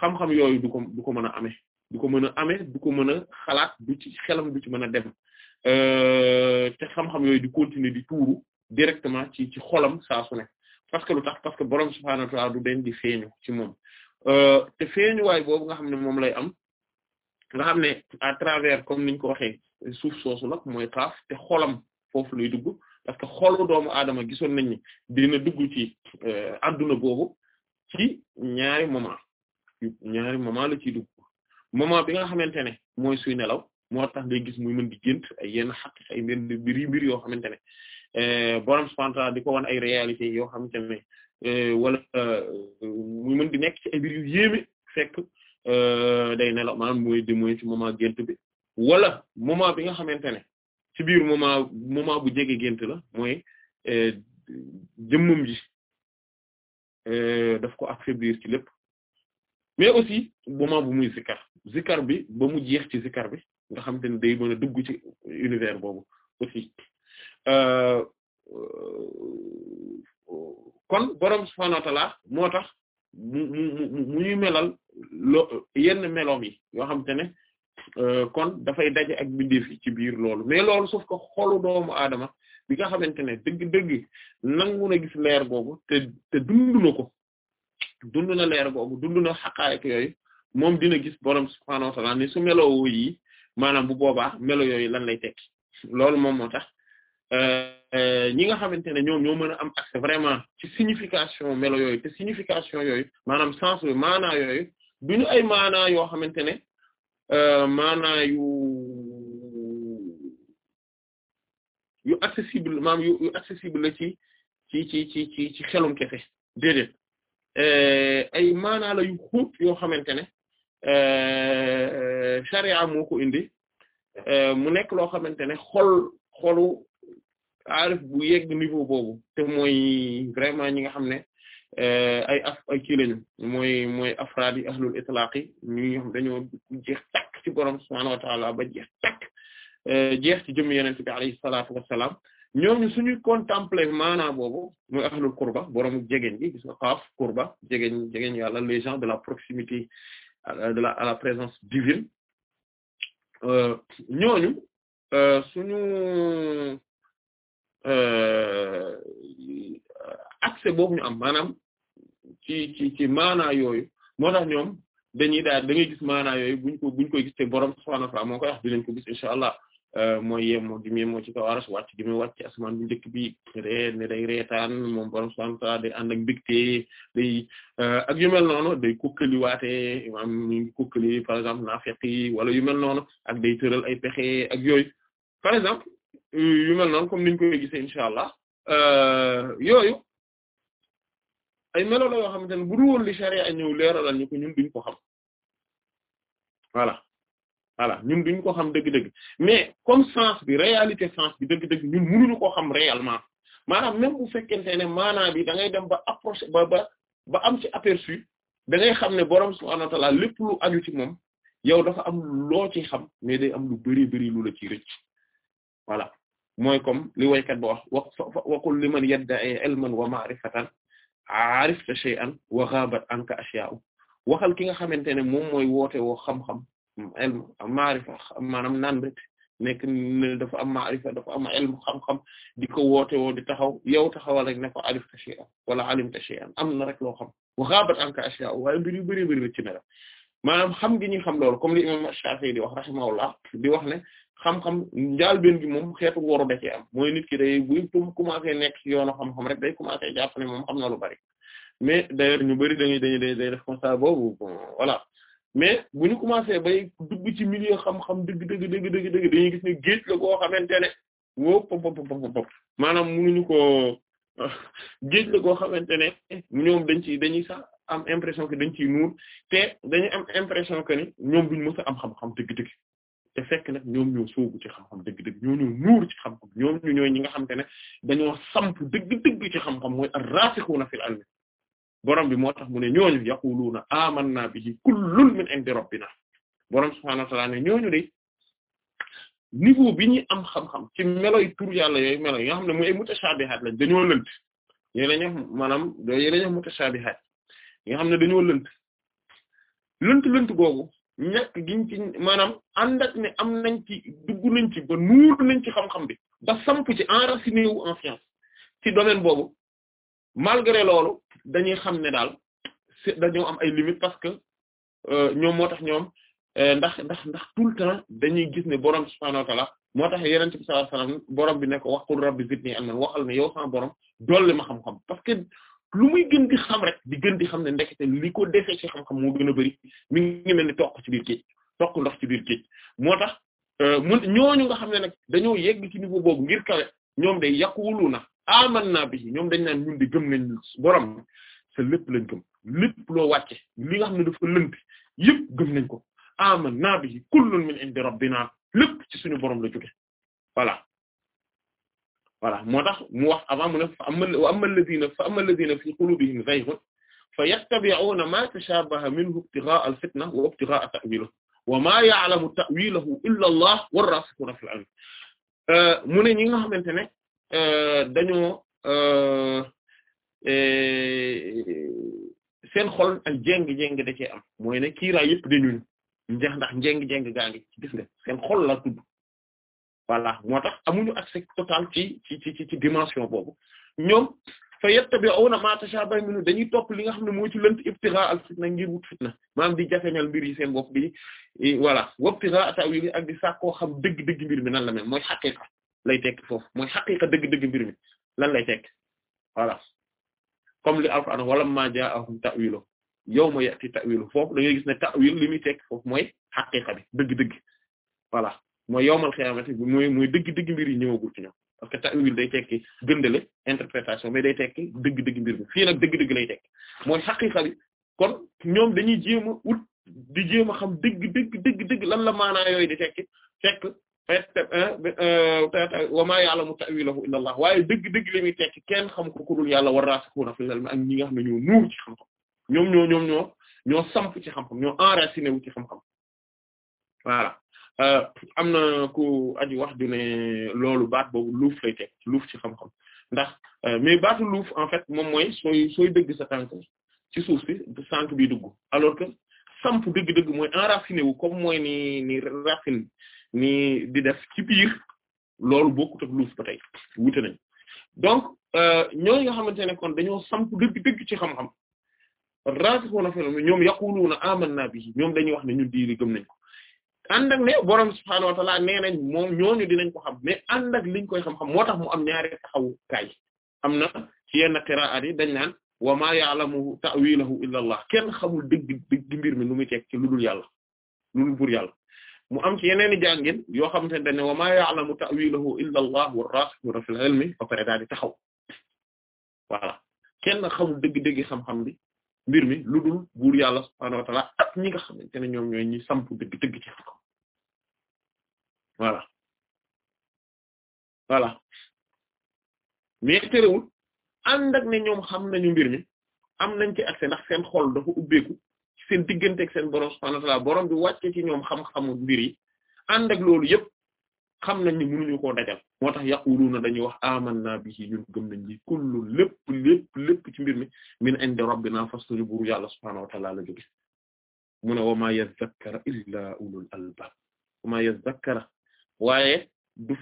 xam-xam yooyu du ko du ko mën a amee du ko mën a amee du ko mën a xalaat du ci xelam du ci mën a dem Euh, te xam-xam yooyu di continuer di tuuru directement ci ci xolam saa su parce que lu tax parce que borom subhaanahu wa ta'aala du den di feeñu ci moom euh, te feeñuwaay boobu nga xam ne moom lay am nga xam ne à travers comme niñ ko waxee suuf soosu la mooy taaf te xolam foofu lay dugg parce que xolu doomu aadama gisoon nañ ni dina dugg ci euh, adduna boobu ci ñaari moment ñaari moment la ciy dugg moment bi nga xamante ne mooy suy moo tax day gis muy mën di gént ay yenn xaq ay mbir mbiri mbir yoo xamante ne eh, borom subhanahu wa wan ay réalité yoo xamante ne eh, wala eh, muy mën di nekk ci ay mbir yu yéeme fekk day nelaw maanaam mooy di mooy ci moment gént bi wala moment bi nga xamante ne ci biir moment moment bu jege gént la mooy jëmmam ji daf ko affaiblir ci lépp mais aussi moment bu muy zikkar bi ba mu jeex ci zikkar bi nga xam te ne day mën a dugg ci univers boobu aussi euh, euh, kon borom subhaanahu wa ta'aala moo tax mu mu mu ñuy melal lo yenn meloom yi yoo xam te ne euh, kon dafay daje ak bindéef yi ci biir loolu mais loolu sauf que xolu doomu aadama bi nga xamante ne dëgg-dëgg nangu gis leer boobu te te dund ko dund na leer googu dund na xaqaayak yooyu moom dina gis borom subhaanahu wa ta'ala ni su meloo yi maanaam bu boobaa melo yooyu lan lay tekki loolu moom moo tax euh, ñi nga xamante ne ñoom ñoo mën a am accès vraiment ci signification melo yooyu te signification yooyu maanaam sens yooyu maanaa yooyu duñu ay maanaa yoo xamante ne euh, maanaa yu yu accessible maanaam yu accessible ci ci ci ci ci xelum kese déedéet Eh, ay maanaa yu xóot yoo xamante ne eh, sharia moo ko indi e mu nekk loo xamante ne xol xolu aarif bu yegg niveau boobu te mooy vraiment ñi nga xam ne ay af ay kii lañu mooy mooy afraad yi ahlul itlaq yi ñi nga xam dañoo jeex takk ci borom subhaanahu wa ta'ala ba jeex takk Euh, jeex ci jëmm yenente bi alayhi salaatu wassalaam ñooñu suñuy contempler maanaam boobu muy ahlul qurba borom jegeñ gi gis nga xaaf qurba jegeñ jegeñ yàlla de la proximité de la à la présence divine euh, ñooñu euh, suñu accès boobu ñu am maanaam ci ci ci maanaa yooyu moo tax ñoom dañuy daal da ngay gis maanaa yooyu buñ ko buñ koy gis te borom subhaanahu moo koy wax dinañ ko gis incha allah Euh, mooy yemmoo gi mu yemmoo ci kaw aras wàcc gi mu wàcc asmaan bu njëkk bi ree ne day reetaan moom borom santa day ànd ak mbégte day euh, ak yu mel noonu day kukkali waate maanaam ñu ngi kukkali par exemple naafeq yi wala yu mel noonu ak day tëral ay pexe ak yooyu yu mel noonu comme niñ koy gisee incha allah euh, yooyu ay melo la yoo xamante ne bu dul woon li charia ñëw leeralal ñun duñ ko xam voilà voilà ñun duñ ko xam dëgg-dëgg mais comme sens bi réalité sens bi dëgg-dëgg ñun ñu ko xam réellement maanaam même bu fekkente ne maanaa bi da ngay dem ba approché ba ba ba am ci aperçu da ngay xam ne borom subhaanahu wa ta'aala lépp lu aju ci moom yow dafa am loo ci xam mais day am lu bari bari lu la ci rëcc voilà mooy comme li waykat ba wax wax wa qul liman yadda'i ilman wa ma'rifatan arifta an wa ghabat anka ashya'u waxal ki nga xamante ne moom mooy woote woo xam ilm am maarifa maanaam naan rek nekk ne dafa am maarifa dafa am ilm xam-xam di ko woote woo di taxaw yow taxawal rek ne ko alifta na rek loo xam waxaabat anka ashya waaye mbir yu bëri bëri ci ne la maanaam xam gi ñu xam loolu comme li imam Shafi'i di wax rahimahullah di wax ne xam-xam njaalbeen da am mooy nit ki day buy commencé nekk ci yoonu xam-xam rek day commencé a ne moom xam na lu bari mais d'ailleurs ñu bëri dañuy dañuy mais bu ñu commencé bay dugg ci milieu xam-xam dëgg dëgg dëgg dëgg dëgg dañuy gis ne géej la goo xamante ne woo pop pop pop pop maanaam mënuñu ko géej la goo xamante ne ñoom dañ ci dañuy sax am impression que dañ ciy nuur te dañuy am impression que ni ñoom duñ mës am xam-xam dëgg-dëgg te fekk nag ñoom ñoo soobu ci xam-xam dëgg-dëgg ñoo ñoo nuur ci xam-xam ñoom ñu ñooy ñi nga xamante ne dañoo samp dëgg-dëgg ci xam-xam a ar-rasikhuna fil ilm borom bi moo tax mu ne ñooñu yaquluuna amanna bihi kullun min indi rabbina borom subhaanahu wa ta'ala ne ñooñu de niveau bi ñuy am xam-xam ci meloy tur yàlla yooyu melo yi nga xam ne mooy ay mutashaabihaat lañ dañoo lënt yéen a ñëw maanaam yéen a ñëw mutashaabihaat yi nga xam ne dañoo lënt lënt lënt googu ñàkk giñ ci maanaam ànd ne am nañ ci dugg nañ ci ba nuur nañ ci xam-xam bi ba samp ci enraciné wu en ci domaine boobu. malgré loolu dañuy xam ne daal dañoo am ay limites parce que euh, ñoom moo tax ñoom euh, ndax ndax ndax tout le temps dañuy gis ne borom subhaanahu wa ta'ala moo tax yeneen ci sallallahu alayhi wasallam borom bi ne ko wax qul rabbi zidni ilman waxal ne yow sama borom dolli ma xam-xam parce que lu muy gën di xam rek di gën di xam ne ndekete li ko defee xam-xam moo gën a bari mi ngi mel ni toq ci biir géej ndox ci biir géej moo tax euh, mun ñooñu nga xam ne nag dañoo yegg ci niveau boobu ngir kawe ñoom day yàquwulu na amanna bihi ñoom dañ naan ñun di gëm nañ borom sa lépp lañ gëm lépp loo wàcce li nga xam ne dafa lënt yëpp gëm nañ ko amanna bihi kullun min indi rabbina lépp ci suñu borom la jóge voilà voilà moo tax mu wax avant mu ne fa amma alladhina fa amma alladhina fi qulubihim zayghun fayattabi'una ma tashabaha minhu ibtigha'a al-fitna wa ibtigha'a ta'wilihi wa ma ya'lamu ta'wilahu illa Allah war-rasikhuna fil 'ilm euh, mu ne ñi nga xamante ne Euh, dañoo euh, euh, seen xol ak jéng-jéng da cee am mooy ne kiiraay yëpp dañuy njeex ndax njeng-jeng gaa ngi gis nga seen xol la tudd voilà moo tax amuñu accès total ci ci ci ci dimension boobu ñoom fa yattabi'una ma tashabaha minhu dañuy topp li nga xam ne moo ci lënt ibtigha al fitna ngir wut fitna maanaam di jafeñal mbir yi seen bopp di voilà wabtigha ta'wili ak di sàkkoo xam dëgg-dëgg mbir mi nan la mel mooy haqiqa lay tekki foofu mooy xaqiqa dëgg-dëgg mbir mi lan lay tekki voilà comme li alquran wala ma ja'ahum ta'wilu yawma ya'ti ta'wilu foofu da ngay gis ne ta'wil li muy tekki foofu mooy xaqiqa bi dëgg-dëgg voilà mooy yowmal xiyaamati bi mooy mooy dëgg-dëgg mbir yi ñëwagul ci ñoom parce que ta ta'wil day tekki gëndale interprétation mais day tekki dëgg-dëgg mbir mi fi nag dëgg-dëgg lay tekki mooy xaqiqa bi kon ñoom dañuy jéem a di jéem a xam dëgg dëgg dëgg dëgg lan la maanaa yooyu di Euh, wa maa ya'lamu ta'wiilahu illa Allah waaye dëgg-dëgg li muy tekki kenn xam ko ku dul yàlla war a fil ilmi ak ñi nga xam ne ñoo nuur ci xam-xam ñoom ñoo ñoom ñoo ñoo samp ci xam-xam ñoo enraciné wu ci xam-xam voilà euh, na ku aji wax du ne loolu baat boobu luuf lay teg luuf ci xam-xam ndax euh, mais baatu luuf en fait moom mooy sooy sooy dëgg sa tànk ci suuf si sànq bi dugg alors que samp dëgg-dëgg mooy enraciné wu comme mooy ni ni racine ni di def ci biir loolu bokkut ak luuf ba tey wute nañ donc euh, ñooñu nga xamante ne kon dañoo samp dëgg-dëgg ci xam-xam raasixuuna fil ilmi ñoom yaquluuna amanna bihi ñoom dañuy wax ne ñun diiri gëm nañ ko ànd ak ne borom subhaanahu wa ta'aala nee nañ moom ñooñu dinañ ko xam mais ànd liñ koy xam-xam moo tax mu am ñaari taxawu kaay am na ci yenn qiraa'at yi dañ naan wa maa ya'lamu ta'wiilahu illa Allah kenn xamul dëgg dëgg mbir mi nu muy teg ci lu dul yàlla lu dul buur yàlla mu am ci yeneen i jàngin yoo xam ne dañu ne wa ma ya'lamu ta'wilahu illa Allah war-rasikhuna fil ilmi ba pare daal di taxaw voilà kenn xamul dëgg-dëgg xam-xam bi mbir mi lu dul buur yàlla subhaanahu wa ta'ala ak ñi nga xamante ne ñoom ñooy ñi samp dëgg-dëgg ci xam-xam voilà voilà mais terewul ñoom xam nañu mbir mi am nañ ci accès ndax seen xol dafa ubbeeku seen diggante ak seen borom subhaanahu wa bi wàcce ci ñoom xam xam mbir yi ànd ak loolu yëpp xam nañ ni mënuñu koo dajal moo tax na dañuy wax amanna bihi ñun gëm nañ ci kullu lépp lépp lépp ci mbir mi min indi rabbina fasli buru yàlla subhaanahu wa ta'aala la jóge mu ne ma yadhakkara illa ulul albaab wa ma yadhakkara waaye du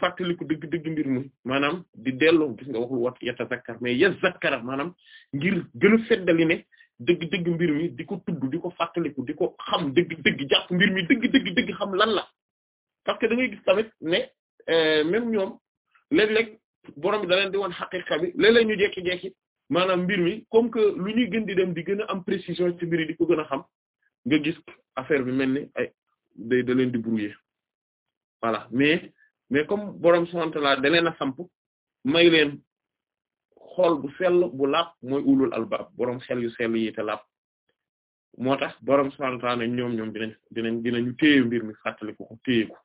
maanaam di delloo gis nga waxul wat yatazakkar mais yadhakkara maanaam ngir gën a feddali ne dëgg-dëgg mbir mi di ko tudd di ko fàttaliku di ko xam dëgg-dëgg jàpp mbir mi dëgg-dëgg dëgg xam lan la parce que da ngay gis tamit ne euh, même ñoom léeg-léeg borom bi da leen di woon xaqiqa bi léeg-léeg ñu jekki-jekki maanaam mbir mi comme que lu ñuy gën di dem di gën a am précision ci mbir yi di ko gën a xam nga gis affaire bi mel ni ay day da leen di brouiller voilà mais mais comme borom sant la da leen a samp may leen xool bu sell bu lapp mooy ulul albaab boroom xel yu sell yi te moo tax boroom subhaanahu wa ñoom ñoom dinañ dinañ dinañu téye mbir mi fàttaliku ko téye ko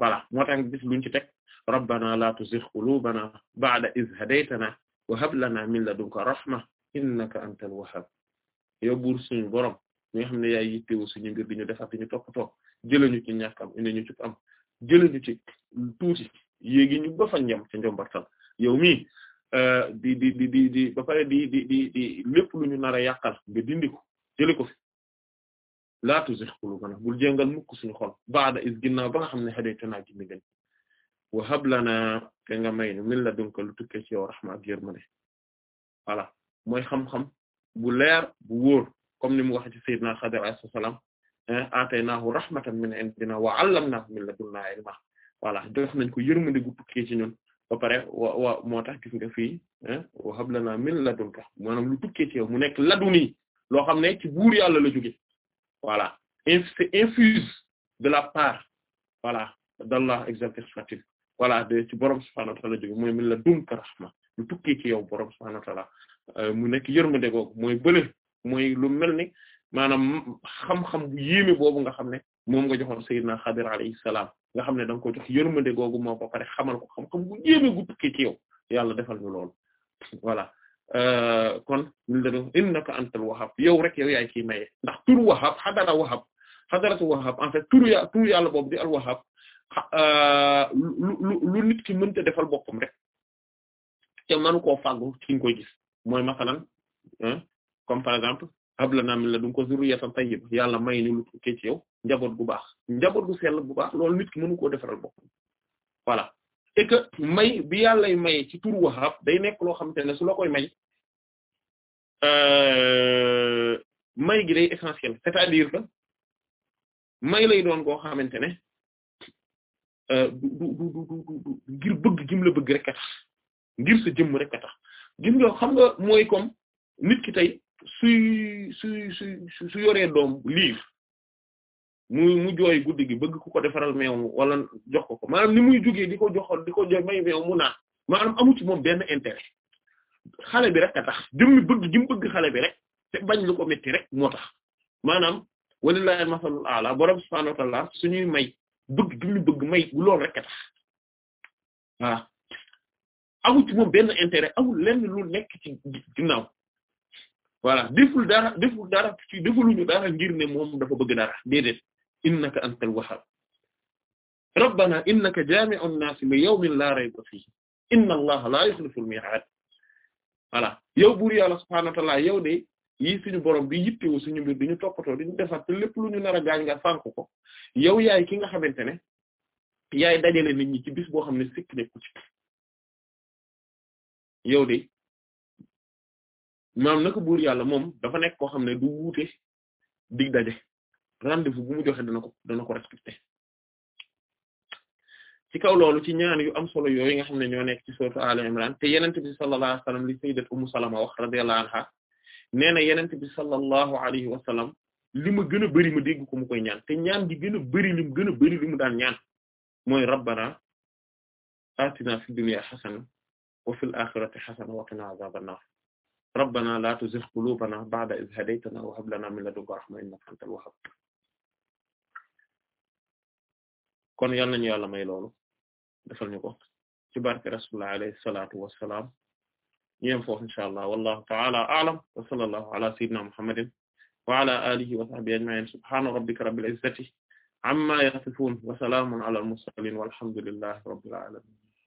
voilà moo tax bis luñ ci teg rabbana la tuzigh qulubana ba'da idh hadaytana wa hab lana min ladunka rahma innaka antal wahhab yow buur suñu boroom mi nga xam ne yaay yittewu suñu ngir di ñu defar di ñu toppatoo jëlañu ci ñàkk am indi ñu ci am jëlañu ci tuuti yéegi ñu ba fa njam ca njombartal yow mii Euh, di di di di di ba pare di di di di lépp lu ñu nar a yàqal nga dindi ko jëlee ko fi suñu xol ba'da is ginnaaw ba nga xam ne hadaytanaa ci mi gën wa hab lanaa te nga may min ladunka lu tukkee ci yow rahma ak yërmande voilà mooy xam-xam bu leer bu wóor comme ni mu waxee ci Seydina Xadir alayhi salaam ataynaahu rahmatan min indina wa allamnaahu min ladunnaa ilma voilà jox nañ ko yërmande gu tukkee ci ñun ba pare wa wa moo tax gis nga fii wa hablanaa min ladunka maanaam lu tukkee ci yow mu nekk laduni loo xam ne ci buur yàlla la jóge voilà c'est infuse de la part voilà d'Allah exaltatif voilà de ci borom subhaanahu wa ta'aala jóge mooy min yow borom euh, mu nekk yërmande googu mooy bële moy lu mel ni maanaam xam-xam bu yéeme boobu nga xam ne moom nga joxoon Seydina Xadir alayhi salaam nga xam ne da nga ko jox yërmande googu moo ko pare xamal ko xam-xam bu yéeme yow yàlla defal ñu loolu voilà euh, kon ñu la doon innaka antal wahhab yow rek yow yaay kii maye ndax turu wahhab xadara wahhab en fait turu ya turu yàlla boobu di al wahhab euh, lu lu lu nit ki mënta defal boppam rek te manu koo fàggu ci nga koy gis mooy masalan comme par exemple hablana min ladunka zurriyatan tayyiba yàlla may ñu lu tukkee yow njaboot gu baax njaboot gu sell bu baax loolu nit ki mënu koo defaral boppam voilà et que may bi yàllay may ci turu Wahhab day nekk loo xamante ne su la koy may euh, may gi day essentiel c'est-à-dire que may lay doon koo xamante ne euh, du du du ngir bëgg gim bëgg rek a tax ngir sa jëmm rek a tax gis nga xam nga mooy comme nit ki tey suy suy suy su yoree doom livre muy mu jooy guddi gi bëgg ku ko defaral meew wala jox ko ko maanaam ni muy jugee di ko joxoon di ko jox may meew mu naan maanaam amu moom benn intérêt xale bi rek a tax jëmmi bëgg jëm bëgg xale bi rek te bañ lu ko metti rek moo tax maanaam walillahi masalul ala borom subhanahu wa ta'ala suñuy may bëgg jëmmi bëgg may loolu rek a tax voilà amu moom benn intérêt amul lenn lu nekk ci ginnaaw voilà deful dara deful dara ci defuluñu dara ngir ne moom dafa bëgg dara déedéet. innaka antal wahhab rabbana innaka jaami'un naasi li yawmin laa rayba fiihi inna allaha laa yuxliful mii'aad voilà yow buur yàlla subhaanahu wa ta'aala yow de yii suñu borom bi yittewu suñu mbir duñu toppatoo duñu defar te lépp lu ñu nar a gaañ nga sànk ko yow yaay ki nga xamante ne yaay dajale nit ñi bis boo xam ne sikk nekku ci yow de maam naka buur yàlla moom dafa nekk koo xam ne du wuute dig daje rendez-vous bu mu joxe dana ko dana ko respecté ci kaw loolu ci ñaan yu am solo yooyu nga xam ne ñoo ci sourate Al Imran te li sayyidat Ummu Salama wax radiyallahu anha nee na yenent bi sallallahu alayhi wa sallam li gën a bëri ma dégg ko mu koy ñaan te ñaan gi gën a bëri li mu gën a bëri li daan ñaan mooy rabbana atina fid dunya hasana wa fil akhirati hasana wa qina azaban nar rabbana la tuzigh qulubana ba'da idh hadaytana wa lana min ladunka rahmatan innaka kon yal nañu yàlla may loolu defal ñu ko ci barke rasulullah alayhi salaatu wassalaam ñu yem foofu insha allah wallahu ta'ala a'lam wa sallallahu ala sayyidina muhammadin wa ala alihi wa sahbihi ajma'in subhana rabbika rabbil izzati amma yasifun wa salamun ala al mursalin walhamdulillahi rabbil alamin